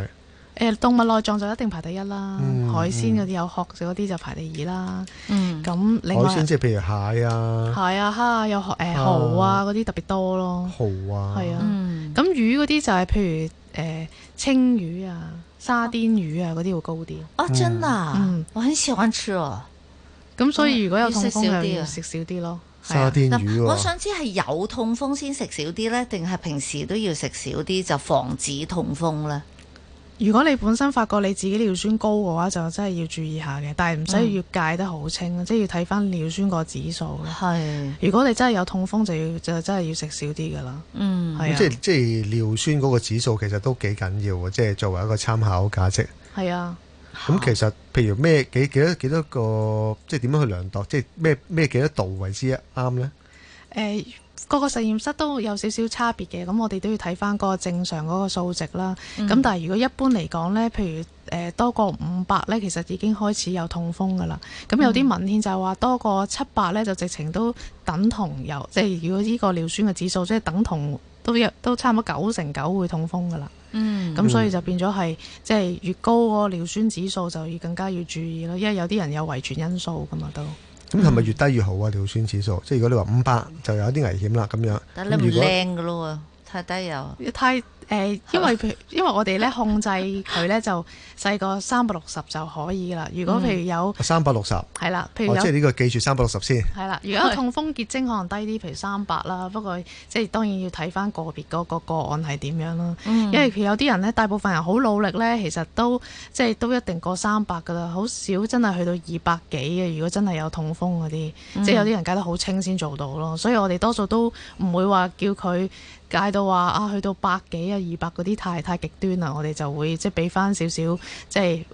誒動物內臟就一定排第一啦，海鮮嗰啲有殼嗰啲就排第二啦。咁你海鮮即係譬如蟹啊，蟹啊蝦有誒蠔啊嗰啲特別多咯。蠔啊，係啊，咁魚嗰啲就係譬如誒青魚啊、沙甸魚啊嗰啲會高啲。啊真啊，我很少 consume 喎。咁所以如果有痛風，就食少啲咯。沙甸魚，我想知係有痛風先食少啲呢？定係平時都要食少啲就防止痛風呢？如果你本身發覺你自己尿酸高嘅話，就真係要注意一下嘅。但係唔使要戒得好清，嗯、即係要睇翻尿酸個指數。係是。如果你真係有痛風，就要就真係要食少啲噶啦。嗯，係啊。即係即係尿酸嗰個指數其實都幾緊要嘅，即係作為一個參考價值。係啊。咁其實譬如咩幾幾多幾多個，即係點樣去量度？即係咩咩幾多度為之一啱呢？誒、欸。各個實驗室都有少少差別嘅，咁我哋都要睇翻嗰個正常嗰個數值啦。咁、嗯、但係如果一般嚟講呢，譬如誒、呃、多過五百呢，其實已經開始有痛風噶啦。咁有啲文獻就係話多過七百呢，就直情都等同有，即係如果呢個尿酸嘅指數，即係等同都有都差唔多九成九會痛風噶啦。嗯，咁所以就變咗係即係越高個尿酸指數，就要更加要注意咯，因為有啲人有遺傳因素噶嘛都。咁係咪越低越好啊？尿酸指數，即係如果你話五百就有啲危險啦，咁樣。但你唔靚嘅咯喎，太低又。誒，因為，因為我哋咧控制佢咧就細個三百六十就可以啦。如果譬如有三百六十，係、嗯、啦，譬如有，哦、即係呢個記住三百六十先。係啦，如果有痛風結晶可能低啲，譬如三百啦。不過即係當然要睇翻個別嗰個個案係點樣啦。因為、嗯、譬如有啲人咧，大部分人好努力咧，其實都即係都一定過三百噶啦。好少真係去到二百幾嘅。如果真係有痛風嗰啲，嗯、即係有啲人戒得好清先做到咯。所以我哋多數都唔會話叫佢。戒到話啊，去到百幾啊、二百嗰啲太太極端啦，我哋就會即係俾翻少少即係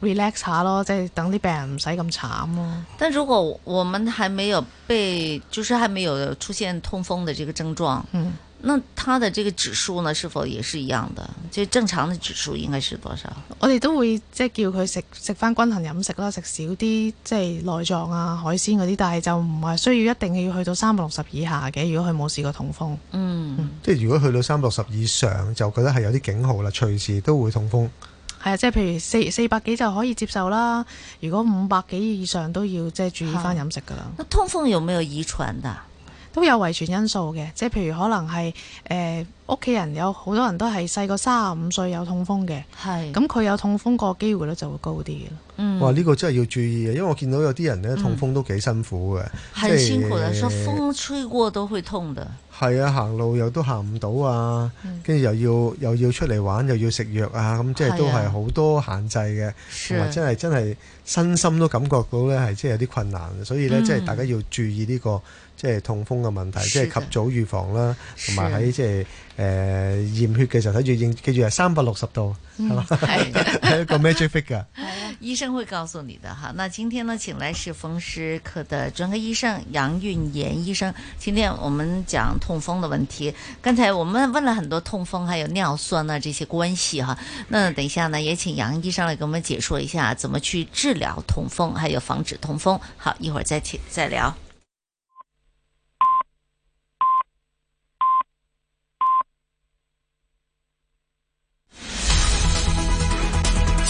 relax 下咯，即係等啲病人唔使咁慘咯、啊。但係如果我們還沒有被，就是還沒有出現痛風的這個症狀，嗯。那他的這個指數呢，是否也是一樣的？即係正常的指數應該是多少？我哋都會即係叫佢食食翻，均衡飲食啦，食少啲即係內臟啊、海鮮嗰啲，但係就唔係需要一定要去到三百六十以下嘅。如果佢冇試過痛風，嗯，嗯，即係如果去到三百六十以上，就覺得係有啲警號啦，隨時都會痛風。係啊，即係譬如四四百幾就可以接受啦。如果五百幾以上，都要即係注意翻飲食噶啦。那痛風有沒有遺傳㗎？都有遺傳因素嘅，即係譬如可能係誒屋企人有好多人都係細個三十五歲有痛風嘅，咁佢是有痛風個機會嘅咧就會高啲嘅。嗯、哇！呢、呢個真係要注意嘅，因為我見到有啲人咧痛風都幾辛苦嘅，嗯、是很辛苦嘅，吹風吹過都會痛的。係啊，行路又都行唔到啊，跟住、嗯、又要又要出嚟玩，又要食藥啊，咁即係都係好多限制嘅，同埋是、嗯、真係真係身心都感覺到咧係即係有啲困難嘅，所以咧即係大家要注意呢、呢個。嗯即係痛風嘅問題，是的即係及早預防啦，同埋喺即係誒驗血嘅時候睇住應記住係三百六十度，係一個 magic figure。 醫生會告訴你的哈。那今天呢請來是風濕科的專科醫生楊允言醫生，今天我們講痛風嘅問題。剛才我們問了很多痛風，還有尿酸呢、啊、這些關係哈。那等一下呢，也請楊醫生來跟我們解說一下，怎麼去治療痛風，還有防止痛風。好，一會兒再請再聊。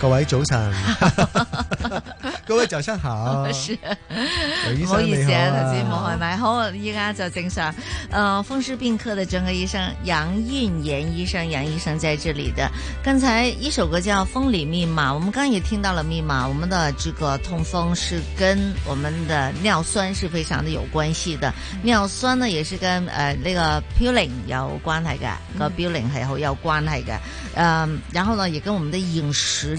各位早晨，各位早上好。是、啊，劉醫生你好，好、啊、好。唔好意思啊，同事冇開麥。好，依家就正常、呃。風濕病科的專科醫生楊韻妍醫生，楊醫生在這裏的。剛才一首歌叫《風裏密碼》，我們剛剛也聽到了密碼。我們的這個痛風是跟我們的尿酸是非常的有關係的。尿酸呢，也是跟呃那、這個嘌呤有關係嘅，個嘌呤係好有關係嘅。嗯、呃、然後呢，也跟我們的飲食。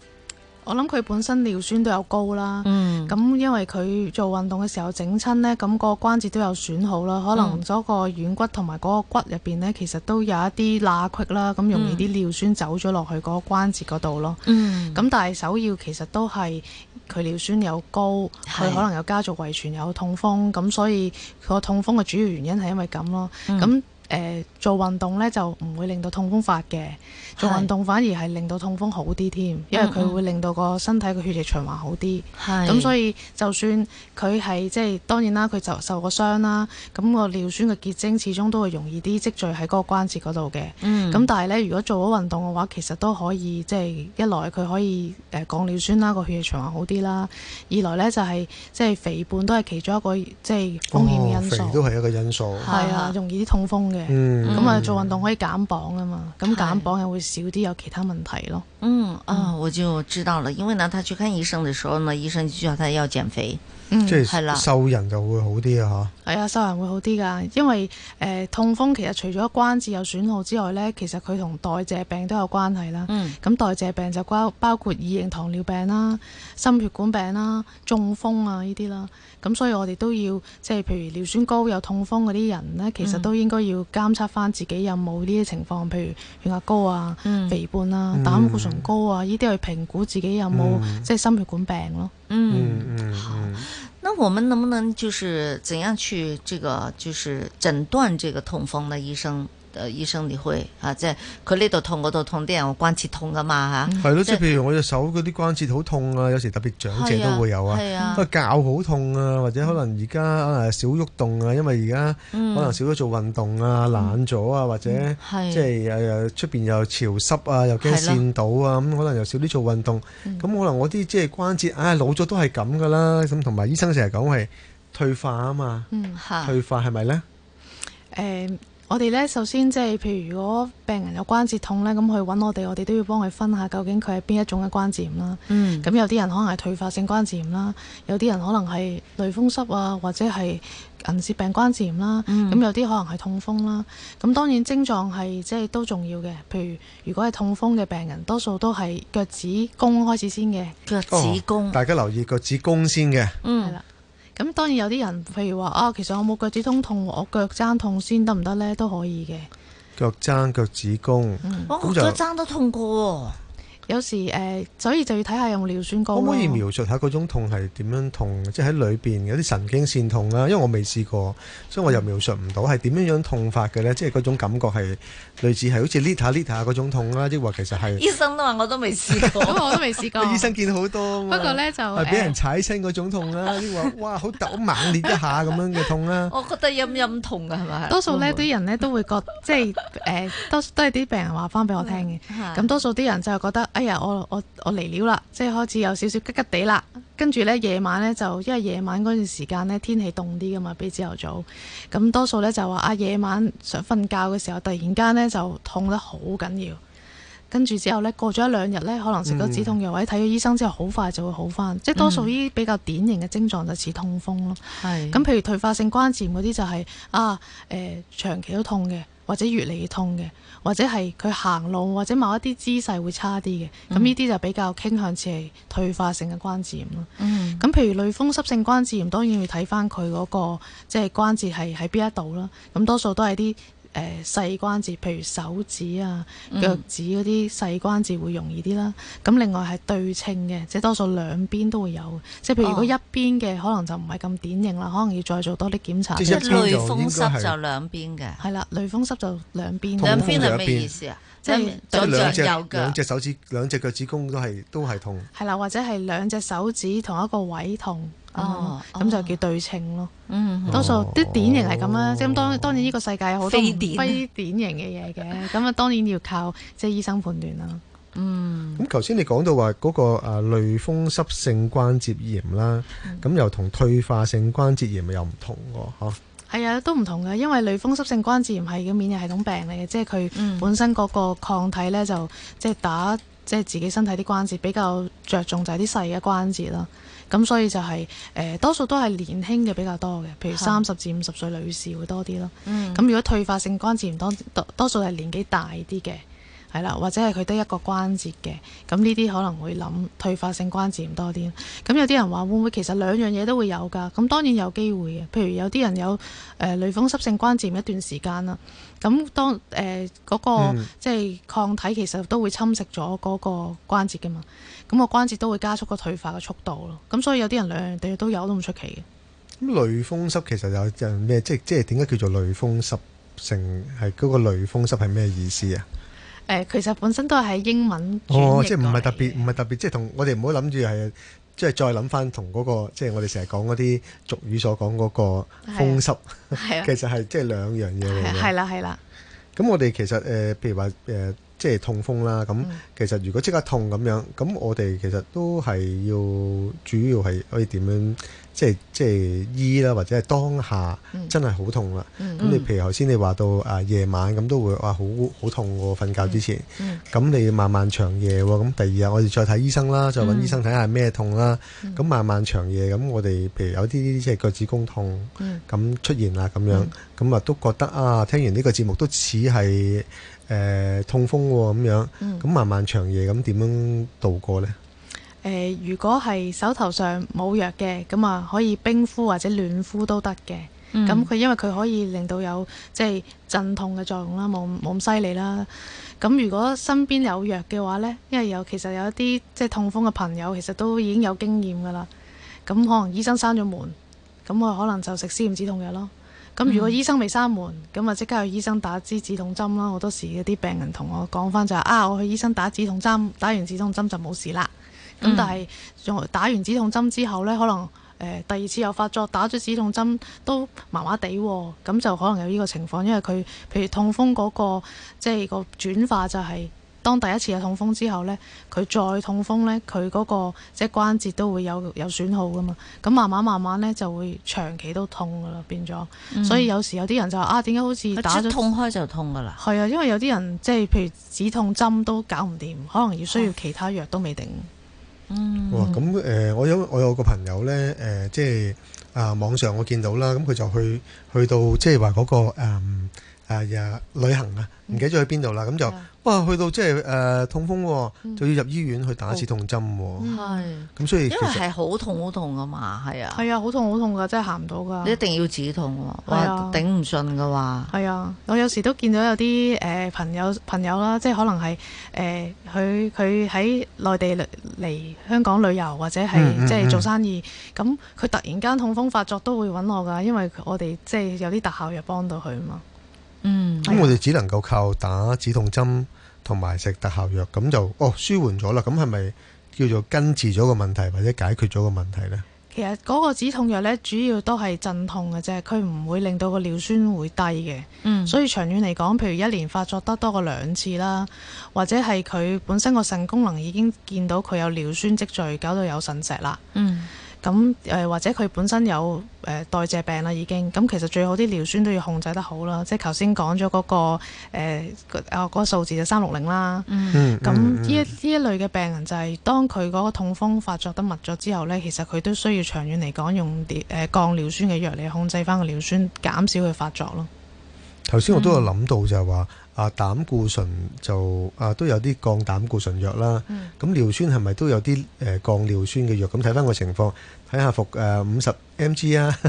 我諗佢本身尿酸都有高啦，咁、嗯、因為佢做運動嘅時候整親呢，咁、個關節都有損耗啦，可能嗰個軟骨同埋嗰個骨入邊呢，其實都有一啲罅隙啦，咁、嗯、容易啲尿酸走咗落去嗰個關節嗰度咯。咁、嗯、但係首要其實都係佢尿酸有高，佢是可能有家族遺傳有痛風，咁所以佢個痛風嘅主要原因係因為咁咯，咁、嗯。誒做運動咧就唔會令到痛風發嘅，做運動反而係令到痛風好啲添，是因為佢會令到個身體嘅血液循環好啲。咁是，所以就算佢係即係當然啦，佢就受個傷受過傷啦，咁個尿酸嘅結晶始終都會容易啲積聚喺嗰個關節嗰度嘅。咁、嗯、但係咧，如果做咗運動嘅話，其實都可以即係一來佢可以誒降尿酸啦，個血液循環好啲啦；二來咧就係即係肥胖都係其中一個即係風險的因素。哦、肥胖都係一個因素。係啊，容易啲痛風嘅。咁啊，嗯、做運動可以減磅啊嘛，咁減磅又會少啲的有其他問題咯。嗯啊，我就知道了，因為呢，他去看醫生嘅時候，咪醫生就話他要減肥，即係係啦，的的瘦人就會好啲啊吓。係啊，瘦人會好啲噶，因為誒、呃、痛風其實除咗關節有損耗之外呢，其實佢同代謝病都有關係啦。咁、嗯、代謝病就包括包括二型糖尿病啦、心血管病啦、中風啊呢啲啦。咁、嗯、所以我哋都要即係，譬如尿酸高有痛風嗰啲人咧，其實都應該要監測翻自己有冇呢啲情況，嗯、譬如血壓高啊、肥胖啊、膽、嗯、固醇高啊，呢啲去評估自己有冇、嗯、即係心血管病咯。嗯，好、嗯。嗯嗯、那我們能不能就是怎樣去這個就是診斷這個痛風呢，醫生？誒醫生嚟去嚇，即係佢呢度痛，嗰度痛，啲人關節痛噶嘛嚇。係咯，即係譬如我隻手嗰啲關節好痛啊，有時特別長者都會有啊。係啊，不過腳好痛啊，或者可能而家誒少喐動啊，因為而家可能少咗做運動啊，懶咗啊，或者即係誒誒出邊又潮濕啊，又驚跣到啊，咁可能又少啲做運動。咁可能我啲即係關節，唉老咗都係咁噶啦。咁同埋醫生成日講係退化啊嘛，退化係咪咧？誒。我哋咧首先即係，譬如如果病人有關節痛咧，咁去揾我哋，我哋都要幫佢分下究竟佢係邊一種嘅關節炎啦。咁、嗯、有啲人可能係退化性關節炎啦，有啲人可能係類風濕啊，或者係銀屑病關節炎啦。咁、嗯、有啲可能係痛風啦。咁當然症狀係即係都重要嘅。譬如如果係痛風嘅病人，多數都係腳趾公開始先嘅。腳趾公、哦，大家留意腳趾公先嘅。嗯。咁當然有啲人，譬如話啊，其實我冇腳趾通痛，痛我腳踭痛先得唔得呢？都可以嘅，腳踭腳趾公、嗯，我腳踭都痛過。有時誒、呃，所以就要睇下用尿酸高、啊。可唔可以描述下嗰種痛係點樣痛？即係喺裏邊有啲神經線痛啦、啊，因為我未試過，所以我又描述唔到係點樣樣痛法嘅咧。即係嗰種感覺係類似係好似 Lita 裂下裂下嗰種痛啦，亦、就、或、是、其實係醫生都話我都未試過， 我都未試過。 醫生見到好多。不過咧就係俾人踩親嗰種痛啦、啊，亦或 哇好突好猛烈一下咁樣嘅痛啦、啊。我覺得陰陰痛啊，係咪、嗯呃？多數呢啲人咧都會覺即係誒，多都係啲病人話翻俾我聽嘅。咁 多數啲人就係覺得。日我我我嚟料啦，即係開始有少少吉吉地啦，跟住呢，夜晚呢，就因為夜晚嗰段時間呢，天氣凍啲㗎嘛，比朝頭早，咁多數呢，就話啊夜晚想瞓覺嘅時候突然間呢，就痛得好緊要，跟住之後呢，過咗一兩日呢，可能食咗止痛藥、嗯、或者睇咗醫生之後好快就會好返，即係、嗯、多數呢比較典型嘅症狀就似痛風咯，咁是 譬如退化性關節炎嗰啲就係、是、啊誒、呃、長期都痛嘅。或者越嚟越痛嘅，或者係佢行路，或者某一啲姿勢會差啲嘅，咁呢啲就比較傾向似係退化性嘅關節炎咯。咁、嗯、譬如類風濕性關節炎，當然要睇返佢嗰個即係關節係喺邊一度啦。咁多數都係啲。誒、呃、細關節，譬如手指啊、腳趾嗰啲細關節會容易啲啦。咁、嗯、另外係對稱嘅，即係多數兩邊都會有。即係譬如如果一邊嘅、哦、可能就唔係咁典型啦，可能要再做多啲檢查。即係類風濕就兩邊嘅。係啦，類風濕就兩邊。兩邊係咩意思啊？即係、就是、兩隻左右腳兩隻手指、兩隻腳趾公都係都係痛。係啦，或者係兩隻手指同一個位痛。哦，咁、嗯、就叫對稱咯。嗯，多數啲典型係咁啦。即咁、哦，當當然呢個世界有好多非典型嘅嘢嘅。咁啊， 當然要靠即係醫生判斷啦。嗯，咁頭先你講到話嗰個啊類風濕性關節炎啦，咁、嗯、又同退化性關節炎又唔同喎？係啊，啊，都唔同㗎。因為類風濕性關節炎係免疫系統病嚟嘅，即係佢本身嗰個抗體呢，就即、係、係打即係自己身體啲關節比較着重就係啲細嘅關節啦。咁所以就係、是、誒、呃、多數都係年輕嘅比較多嘅，譬如三十至五十歲女士會多啲咯。咁、嗯、如果退化性關節炎多多，多數係年紀大啲嘅，係啦，或者係佢得一個關節嘅，咁呢啲可能會諗退化性關節炎多啲。咁有啲人話會唔會其實兩樣嘢都會有㗎？咁當然有機會嘅，譬如有啲人有誒、呃、類風濕性關節炎一段時間啦。咁當誒嗰、呃那個、嗯、即係抗體，其實都會侵蝕咗嗰個關節噶嘛。咁個關節都會加速個退化嘅速度咯。咁所以有啲人兩樣嘢都有都唔出奇嘅。咁類風濕其實有隻咩？即係即係點解叫做類風濕？成係嗰個類風濕係咩意思啊？誒、呃，其實本身都係喺英文哦，即係唔係特別，唔係特別，即係同我哋唔好諗住係。即係再諗返同嗰、那個，即、就、係、是、我哋成日講嗰啲俗語所講嗰個風濕，啊啊、其實係即係兩樣嘢嚟嘅。係啦，係啦、啊。咁、啊啊、我哋其實誒、呃，譬如話即係痛風啦，咁、嗯、其實如果即刻痛咁樣，咁我哋其實都係要主要係可以點樣，即係即係醫啦，或者係當下真係好痛啦。咁、嗯、你譬如頭先你話到啊夜晚咁都會哇好好痛喎、啊，瞓覺之前。咁、嗯、你漫漫長夜喎，咁第二日我哋再睇醫生啦，嗯、再揾醫生睇下咩痛啦。咁漫漫長夜咁，我哋譬如有啲即係腳趾公痛咁、嗯、出現啦咁樣，咁啊、嗯嗯、都覺得啊聽完呢個節目都似係。誒、呃，痛風咁樣，咁漫漫長夜咁點樣度過呢？誒、呃，如果係手頭上冇藥嘅，咁啊可以冰敷或者暖敷都得嘅。咁佢、嗯、因為佢可以令到有即係鎮痛嘅作用啦，冇冇咁犀利啦。咁如果身邊有藥嘅話呢，因為有其實有一啲即係痛風嘅朋友，其實都已經有經驗噶啦。咁可能醫生閂咗門，咁我可能就食消炎止痛藥咯。咁、嗯、如果醫生未閂門，咁啊即刻去醫生打支止痛針啦。好多時啲病人同我講返就話、是、啊，我去醫生打止痛針，打完止痛針就冇事啦。咁但係打完止痛針之後呢，可能、呃、第二次又發作，打咗止痛針都麻麻地喎。咁就可能有呢個情況，因為佢譬如痛風嗰、那個即係、就是、個轉化就係、是。當第一次有痛風之後呢，佢再痛風呢，佢嗰個即係關節都會有有損耗㗎嘛。咁慢慢慢慢呢，就會長期都痛㗎啦，變咗。嗯、所以有時有啲人就話啊，點解好似打咗痛開就痛㗎啦？係啊，因為有啲人即係譬如止痛針都搞唔掂，可能要需要其他藥都未定。嗯。咁誒、呃呃，我有我有一個朋友呢，誒、呃，即係啊，網上我見到啦，咁、嗯、佢就去去到即係話嗰個誒、嗯啊、旅行啊，唔記得咗去邊度啦，咁就。哇，去到即係誒痛風，哦，嗯、就要入醫院去打止痛針，哦。係、嗯，咁所以因為係好痛好痛噶嘛，係啊，係啊，好痛好痛噶，真係行唔到噶。你一定要止痛，啊，哇頂唔順嘅話。係啊，我有時都見到有啲誒、呃、朋友朋友啦，即係可能係誒佢佢喺內地嚟香港旅遊或者係、嗯、即係做生意，咁佢、嗯嗯、突然間痛風發作都會搵我噶，因為我哋即係有啲特效藥幫到佢啊嘛。嗯，咁我哋只能夠靠打止痛針同埋食特效藥，咁就哦舒緩咗啦。咁係咪叫做根治咗個問題或者解決咗個問題呢？其實嗰個止痛藥呢，主要都係鎮痛嘅啫，佢唔會令到個尿酸會低嘅。嗯，所以長遠嚟講，譬如一年發作得多過兩次啦，或者係佢本身個腎功能已經見到佢有尿酸積聚，搞到有腎石啦。嗯。咁或者佢本身有、呃、代謝病啦已經，咁其實最好啲尿酸都要控制得好啦，即係頭先講咗嗰個誒嗰、呃嗰個數字就三六零啦。嗯，咁呢呢一類嘅病人就係、係、當佢嗰個痛風發作得密咗之後呢，其實佢都需要長遠嚟講用啲誒、呃、降尿酸嘅藥嚟控制翻個尿酸，減少佢發作咯。頭先我都有諗到就係話。嗯啊，膽固醇就啊都有啲降膽固醇藥啦，咁尿、嗯、酸係咪都有啲誒、呃、降尿酸嘅藥？咁睇翻個情況，睇下服誒五十 mg 啊，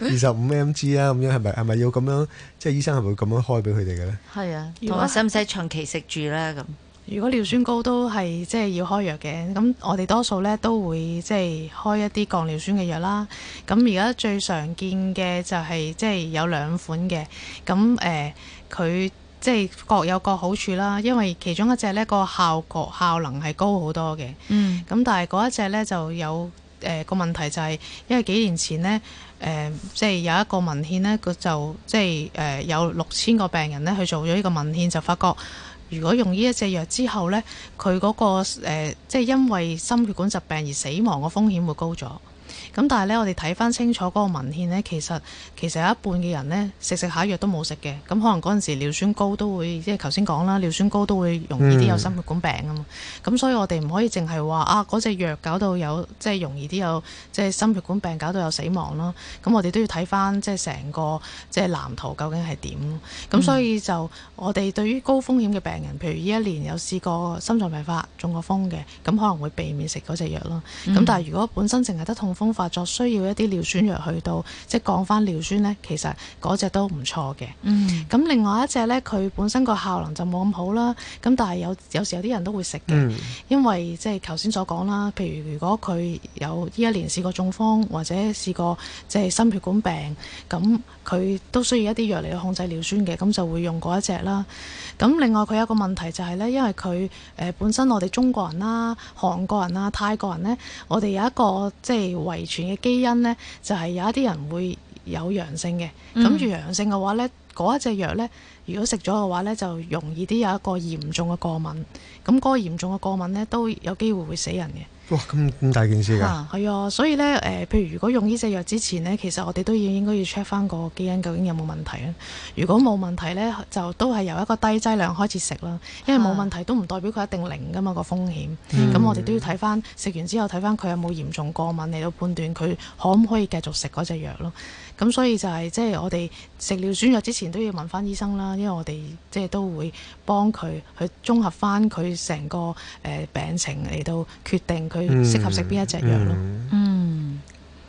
二十五 mg 啊，咁樣係咪係咪要咁樣？即、就、係、是、醫生係咪會咁樣開俾佢哋嘅咧？係啊，同埋使唔使長期食住咧？咁如果尿酸高都係即係要開藥嘅，咁我哋多數咧都會即係、就是、開一啲降尿酸嘅藥啦。咁而家最常見嘅就係即係有兩款嘅，咁誒佢。呃即係各有各好處啦，因為其中一隻咧個效果效能係高好多嘅。咁、嗯、但係嗰一隻咧就有誒個、呃、問題就係，因為幾年前呢，誒即係有一個文獻咧，佢就即係誒有六千個病人咧去做咗呢個文獻，就發覺如果用呢一隻藥之後咧，佢嗰、那個即係、呃就是、因為心血管疾病而死亡嘅風險會高咗。咁但係咧，我哋睇翻清楚嗰個文獻呢，其實其實有一半嘅人呢，食食下藥都冇食嘅，咁可能嗰陣時尿酸高都會，即係頭先講啦，尿酸高都會容易啲有心血管病啊嘛。咁、嗯嗯、所以我哋唔可以淨係話啊嗰隻、那個、藥搞到有即係容易啲有即係心血管病搞到有死亡咯。咁我哋都要睇翻即係成個即係藍圖究竟係點。咁所以就、嗯、我哋對於高風險嘅病人，譬如呢一年有試過心臟病發、中過風嘅，咁可能會避免食嗰隻藥咯。咁、嗯、但係如果本身淨係得痛風發作需要一啲尿酸藥去到，即係降翻尿酸咧，其實嗰隻都唔錯嘅。嗯、mm，咁、hmm. 另外一隻咧，佢本身個效能就冇咁好啦。咁但係有有時有啲人都會食嘅，mm hmm. 因為即係頭先所講啦。譬如如果佢有呢一年試過中風或者試過即係心血管病咁。佢都需要一啲藥嚟去控制尿酸嘅，咁就會用嗰一隻啦。咁另外佢有一個問題就係咧，因為佢誒、呃、本身我哋中國人啦、啊、韓國人啦、啊、泰國人咧，我哋有一個即係、就是、遺傳嘅基因咧，就係、是、有一啲人會有陽性嘅。咁住陽性嘅話咧，嗰、嗯、一隻藥咧。如果食咗嘅話呢，就容易啲有一個嚴重嘅過敏，咁、那、嗰個嚴重嘅過敏呢，都有機會會死人嘅。哇！咁大件事㗎。係啊對、哦，所以呢，誒、呃，譬如如果用呢隻藥之前呢，其實我哋都要應該要 check 翻個基因究竟有冇問題啊。如果冇問題呢，就都係由一個低劑量開始食啦，因為冇問題都唔代表佢一定零㗎嘛個風險。咁、嗯、我哋都要睇翻食完之後睇翻佢有冇嚴重過敏嚟到判斷佢可唔可以繼續食嗰隻藥咯。咁所以就係即係我哋食療選藥之前都要問翻醫生啦，因為我哋即係都會幫佢去綜合翻佢成個誒、呃、病情嚟到決定佢適合食邊一隻藥咯。嗯。嗯嗯。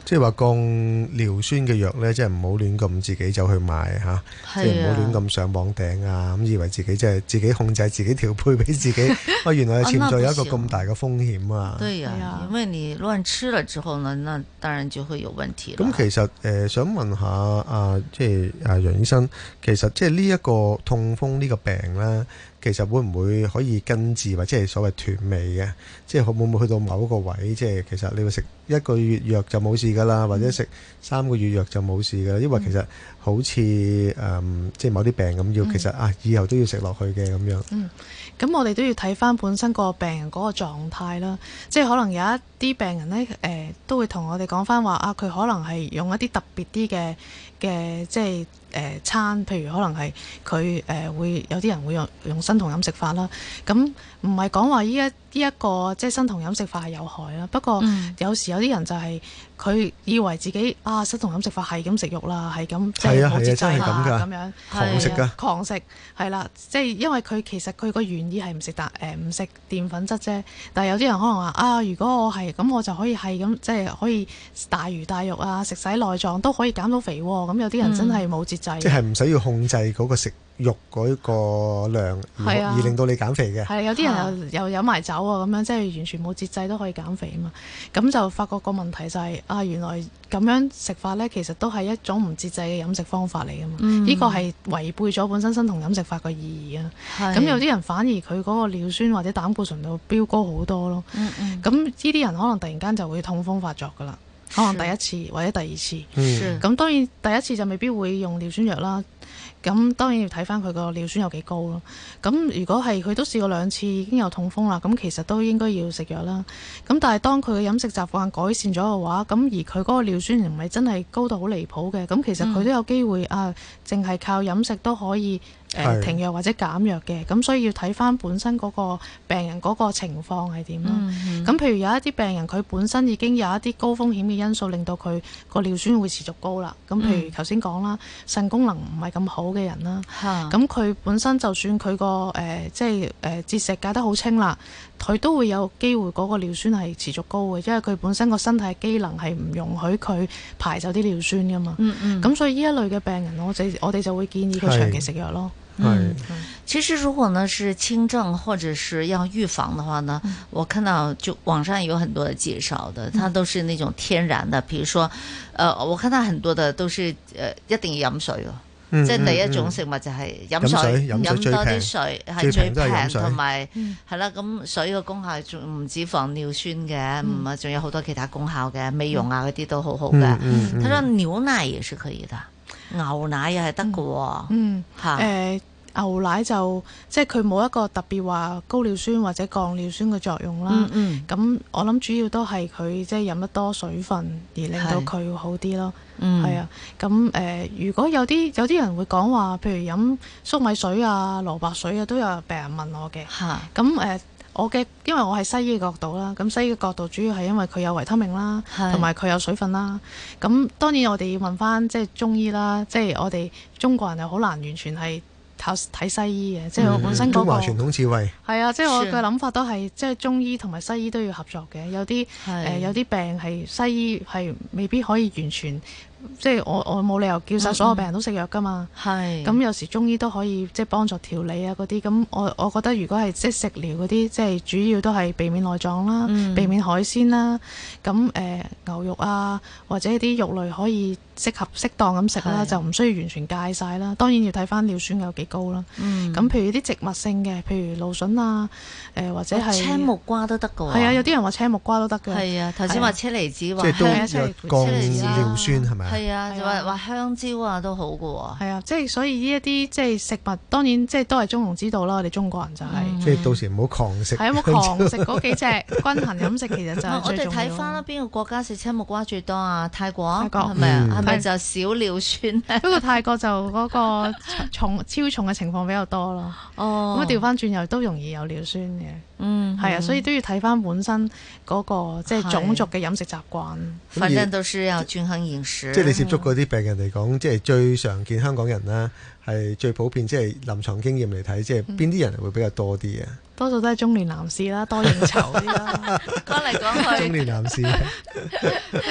即係話降尿酸嘅藥呢，即係唔好亂咁自己走去買吓，即係唔好亂咁上網訂啊！咁、啊啊、以為自己即係自己控制自己調配俾自己，哇、 啊！原來潛在有一個咁大嘅風險啊！啊對呀、啊，因為你亂吃了之後呢，那當然就會有問題。咁、嗯、其實誒、呃，想問下阿、啊、即係阿、啊、楊醫生，其實即係呢一個痛風呢個病呢。其實會唔會可以根治，或者係所謂斷尾嘅？即係可會唔會去到某一個位？即係其實你食一個月藥就冇事噶啦，嗯、或者食三個月藥就冇事噶啦？因為其實好似誒、嗯，即係某啲病咁要，其實啊，以後都要食落去嘅咁樣。嗯，咁我哋都要睇翻本身個病人嗰個狀態啦。即係可能有一啲病人呢，誒、呃、都會同我哋講翻話啊，佢可能係用一啲特別啲嘅嘅，即係。呃、餐，譬如可能係佢誒會有啲人會用用生酮飲食法啦。咁唔係講話依一依一,一個即係生酮飲食法係有害啦。不過、嗯、有時有啲人就係佢以為自己啊生酮飲食法係咁食肉啦，係咁即係冇節制咁樣，樣狂食㗎。狂食係啦，即係因為佢其實佢個原意係唔食澱唔食澱粉質啫。但係有啲人可能話啊，如果我係咁，我就可以係咁，即係可以大魚大肉啊，食曬內臟都可以減到肥喎、啊。咁有啲人真係冇節。即係唔使要控制嗰個食肉嗰個量，而令到你減肥嘅。係、啊、有啲人又又飲埋酒啊，咁樣即係完全冇節制都可以減肥啊嘛。咁就發覺個問題就係、是、啊，原來咁樣食法呢，其實都係一種唔節制嘅飲食方法嚟啊嘛。呢、嗯、個係違背咗本身生酮飲食法嘅意義啊。咁是有啲人反而佢嗰個尿酸或者膽固醇度飆高好多咯。嗯咁呢啲人可能突然間就會痛風發作㗎啦。可能第一次或者第二次，咁是當然第一次就未必會用尿酸藥啦。咁當然要睇翻佢個尿酸有幾高咯。咁如果係佢都試過兩次已經有痛風啦，咁其實都應該要食藥啦。咁但係當佢嘅飲食習慣改善咗嘅話，咁而佢嗰個尿酸唔係真係高到好離譜嘅，咁其實佢都有機會、嗯、啊，淨係靠飲食都可以。誒、呃、停藥或者減藥嘅，咁的所以要睇翻本身嗰個病人嗰個情況係點囉。咁、嗯嗯、譬如有一啲病人，佢本身已經有一啲高風險嘅因素，令到佢個尿酸會持續高啦。咁譬如頭先講啦，嗯、腎功能唔係咁好嘅人啦，咁佢、嗯、本身就算佢個即係誒結石解得好清啦。佢都會有機會嗰個尿酸係持續高嘅，因為佢本身個身體機能係唔容許佢排走啲尿酸噶嘛。嗯嗯。咁、嗯、所以呢一類嘅病人，我哋我哋就會建議佢長期食藥咯。係是。嗯、其實如果呢是輕症或者是要預防的話呢，我看到就網上有很多嘅介紹的，它都是那種天然的，譬如說，呃，我看到很多的都是，呃，一定要飲水咯。嗯嗯嗯即係第一種食物就係飲，飲水，飲多啲水係最平，同埋係啦。咁水嘅有、嗯、功效仲唔止防尿酸嘅，唔啊仲有好多其他功效嘅，美容啊嗰啲都好好嘅。佢話牛奶也是可以㗎，牛奶又係得嘅。嗯嚇。誒是。嗯嗯嗯牛奶就即係佢冇一個特別話高尿酸或者降尿酸嘅作用啦。咁、嗯嗯、我諗主要都係佢即係飲得多水分而令到佢好啲咯。係、嗯、啊，咁誒、呃、如果有啲有啲人會講話，譬如飲粟米水啊、蘿蔔水啊，都有病人問我嘅。咁誒、啊呃，我嘅因為我係西醫嘅角度啦。咁西醫嘅角度主要係因為佢有維他命啦，同埋佢有水分啦。咁當然我哋要問翻即係中醫啦，即係我哋中國人又好難完全係。睇西醫嘅，即係我本身、嗰個、中華傳統智慧。係啊，即係我嘅諗法都係，即係中醫同埋西醫都要合作嘅。有啲是、呃、有啲病係西醫係未必可以完全，即係我我冇理由叫晒所有病人都食藥㗎嘛。係、嗯。咁有時中醫都可以即係幫助調理啊嗰啲。咁我我覺得如果係即係食療嗰啲，即係主要都係避免內臟啦，嗯、避免海鮮啦。咁誒，牛肉啊，或者啲肉類可以。適合適當咁食啦，就唔需要完全戒晒啦。當然要睇翻尿酸有幾高啦。咁譬如啲植物性嘅，譬如蘆筍啊，誒或者係青木瓜都得嘅喎。係啊，有啲人話青木瓜都得嘅。係啊，頭先話車厘子話係一出降尿酸係咪啊？係啊，就話話香蕉啊都好嘅喎。係啊，即係所以呢一啲即係食物，當然即係都係中庸之道啦。我哋中國人就係即係到時唔好狂食，係啊，唔好狂食嗰幾隻，均衡飲食其實就係最重要。我哋睇翻啦，邊個國家食青木瓜最多啊？泰國，泰國係咪啊？係就少尿酸，不過泰國就嗰個重超重嘅情況比較多咯。 哦，咁樣調返轉又都容易有尿酸嘅。嗯，係啊，所以都要睇翻本身嗰個即係種族嘅飲食習慣。反正都需要轉行延選。即係你接觸嗰啲病人嚟講，即係最常見香港人啦，係最普遍，即係臨床經驗嚟睇，即係邊啲人會比較多啲啊？多數都係中年男士啦，多應酬啲啦。講嚟講去，中年男士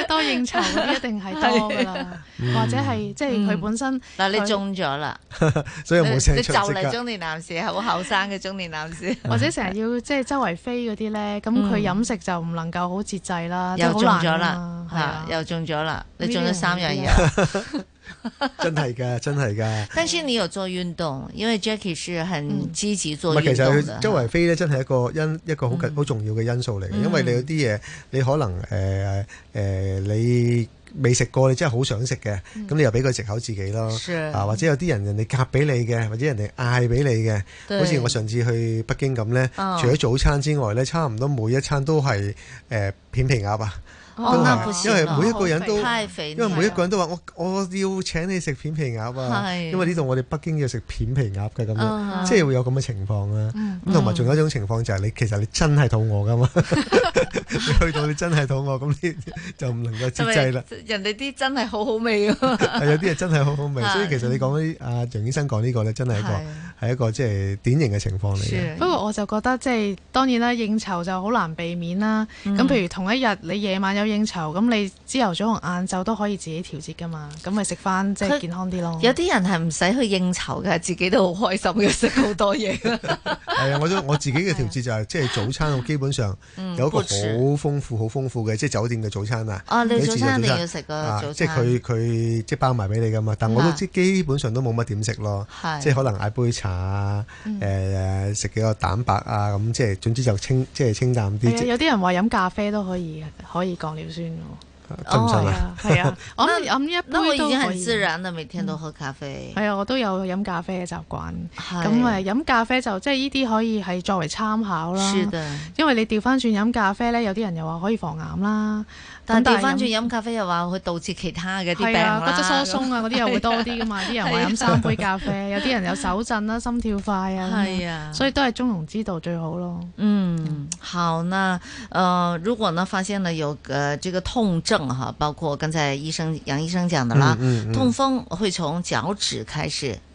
多應酬一定係多㗎啦，或者係即係佢本身嗱你中咗啦，所以冇聲。就嚟中年男士，好後生嘅中年男士，或者成日要即係周圍飛嗰啲咧，咁佢飲食就唔能夠好節制啦，嗯啊、又中咗啦，係、啊、又中咗啦，哎、呀你中咗三樣嘢，真係噶，真係噶。但是你有做運動，因為 Jacky 是很積極做運動、嗯、其實佢周圍飛咧，真係一個因一個好好重要嘅因素嚟嘅，嗯、因為你有啲嘢，你可能誒誒、呃呃、你。未食過，你真係好想食嘅，咁、嗯、你又俾佢藉口自己咯，是啊，或者有啲人人哋夾俾你嘅，或者人哋嗌俾你嘅，好似對我上次去北京咁呢，哦、除咗早餐之外呢，差唔多每一餐都係誒、呃、片皮鴨啊。因為每一個人都，因為每一個人都話我我要請你食片皮鴨啊，因為呢度我哋北京要食片皮鴨嘅咁樣，即係會有咁嘅情況啊。咁同埋仲有一種情況就係你其實你真係肚餓噶嘛，你去到你真係肚餓，咁你就唔能夠節制啦。人哋啲真係好好味喎，有啲嘢真係好好味，所以其實你講啲阿楊醫生講呢個咧，真係一個係一個即係典型嘅情況嚟嘅。不過我就覺得即係當然啦，應酬就好難避免啦。咁譬如同一日你夜晚應酬，咁你朝頭早同晏晝都可以自己調節噶嘛，咁咪食翻，即係健康啲咯。有啲人係唔使去應酬嘅，自己都好開心嘅食好多嘢。係啊，我都我自己嘅調節就係即係早餐我基本上有一個好豐富、好豐富嘅即係酒店嘅早餐啊。你早餐一定要食個早餐啊，即係佢佢即係包埋俾你噶嘛。但我都基基本上都冇乜點食咯，即係可能嗌杯茶啊，誒誒食幾個蛋白啊，咁即係總之就清即係清淡啲。有啲人話飲咖啡都可以，可以講。先了先，浸係啊，我諗一杯都。已經很自然的每天都喝咖啡。係啊、 嗯，我都有飲咖啡嘅習慣。咁啊，飲咖啡就即係呢啲可以係作為參考囉。的因為你掉返轉飲咖啡呢，有啲人又話可以防癌啦。但係調翻轉飲咖啡又話是會導致其他嘅啲病啦，骨質、啊那個、疏鬆啊嗰啲又會多啲噶嘛？啲、 啊、人會飲三杯咖啡， 有啲人有手震啦、啊，心跳快啊，係啊，所以都係中庸之道最好咯。嗯，好呢，那、呃、誒如果呢發現呢有誒這個痛症哈，包括剛才醫生楊醫生講的啦，嗯嗯嗯、痛風會從腳趾開始。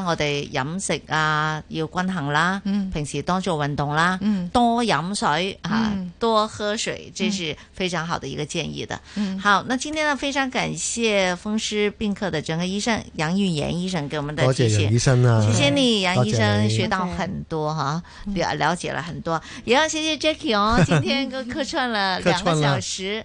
我哋飲食啊要均衡啦，嗯、平時多做運動啦，嗯、多飲水吓、啊，嗯、多喝水這是非常好的一個建議的。嗯、好，那今天呢非常感謝風濕病科的整個醫生楊玉妍醫生給我們的，多謝楊醫生啊，謝謝你楊醫生，學到很多哈、啊，多了解了很多，也要謝謝 Jacky 哦， 今天都客串了兩個小時。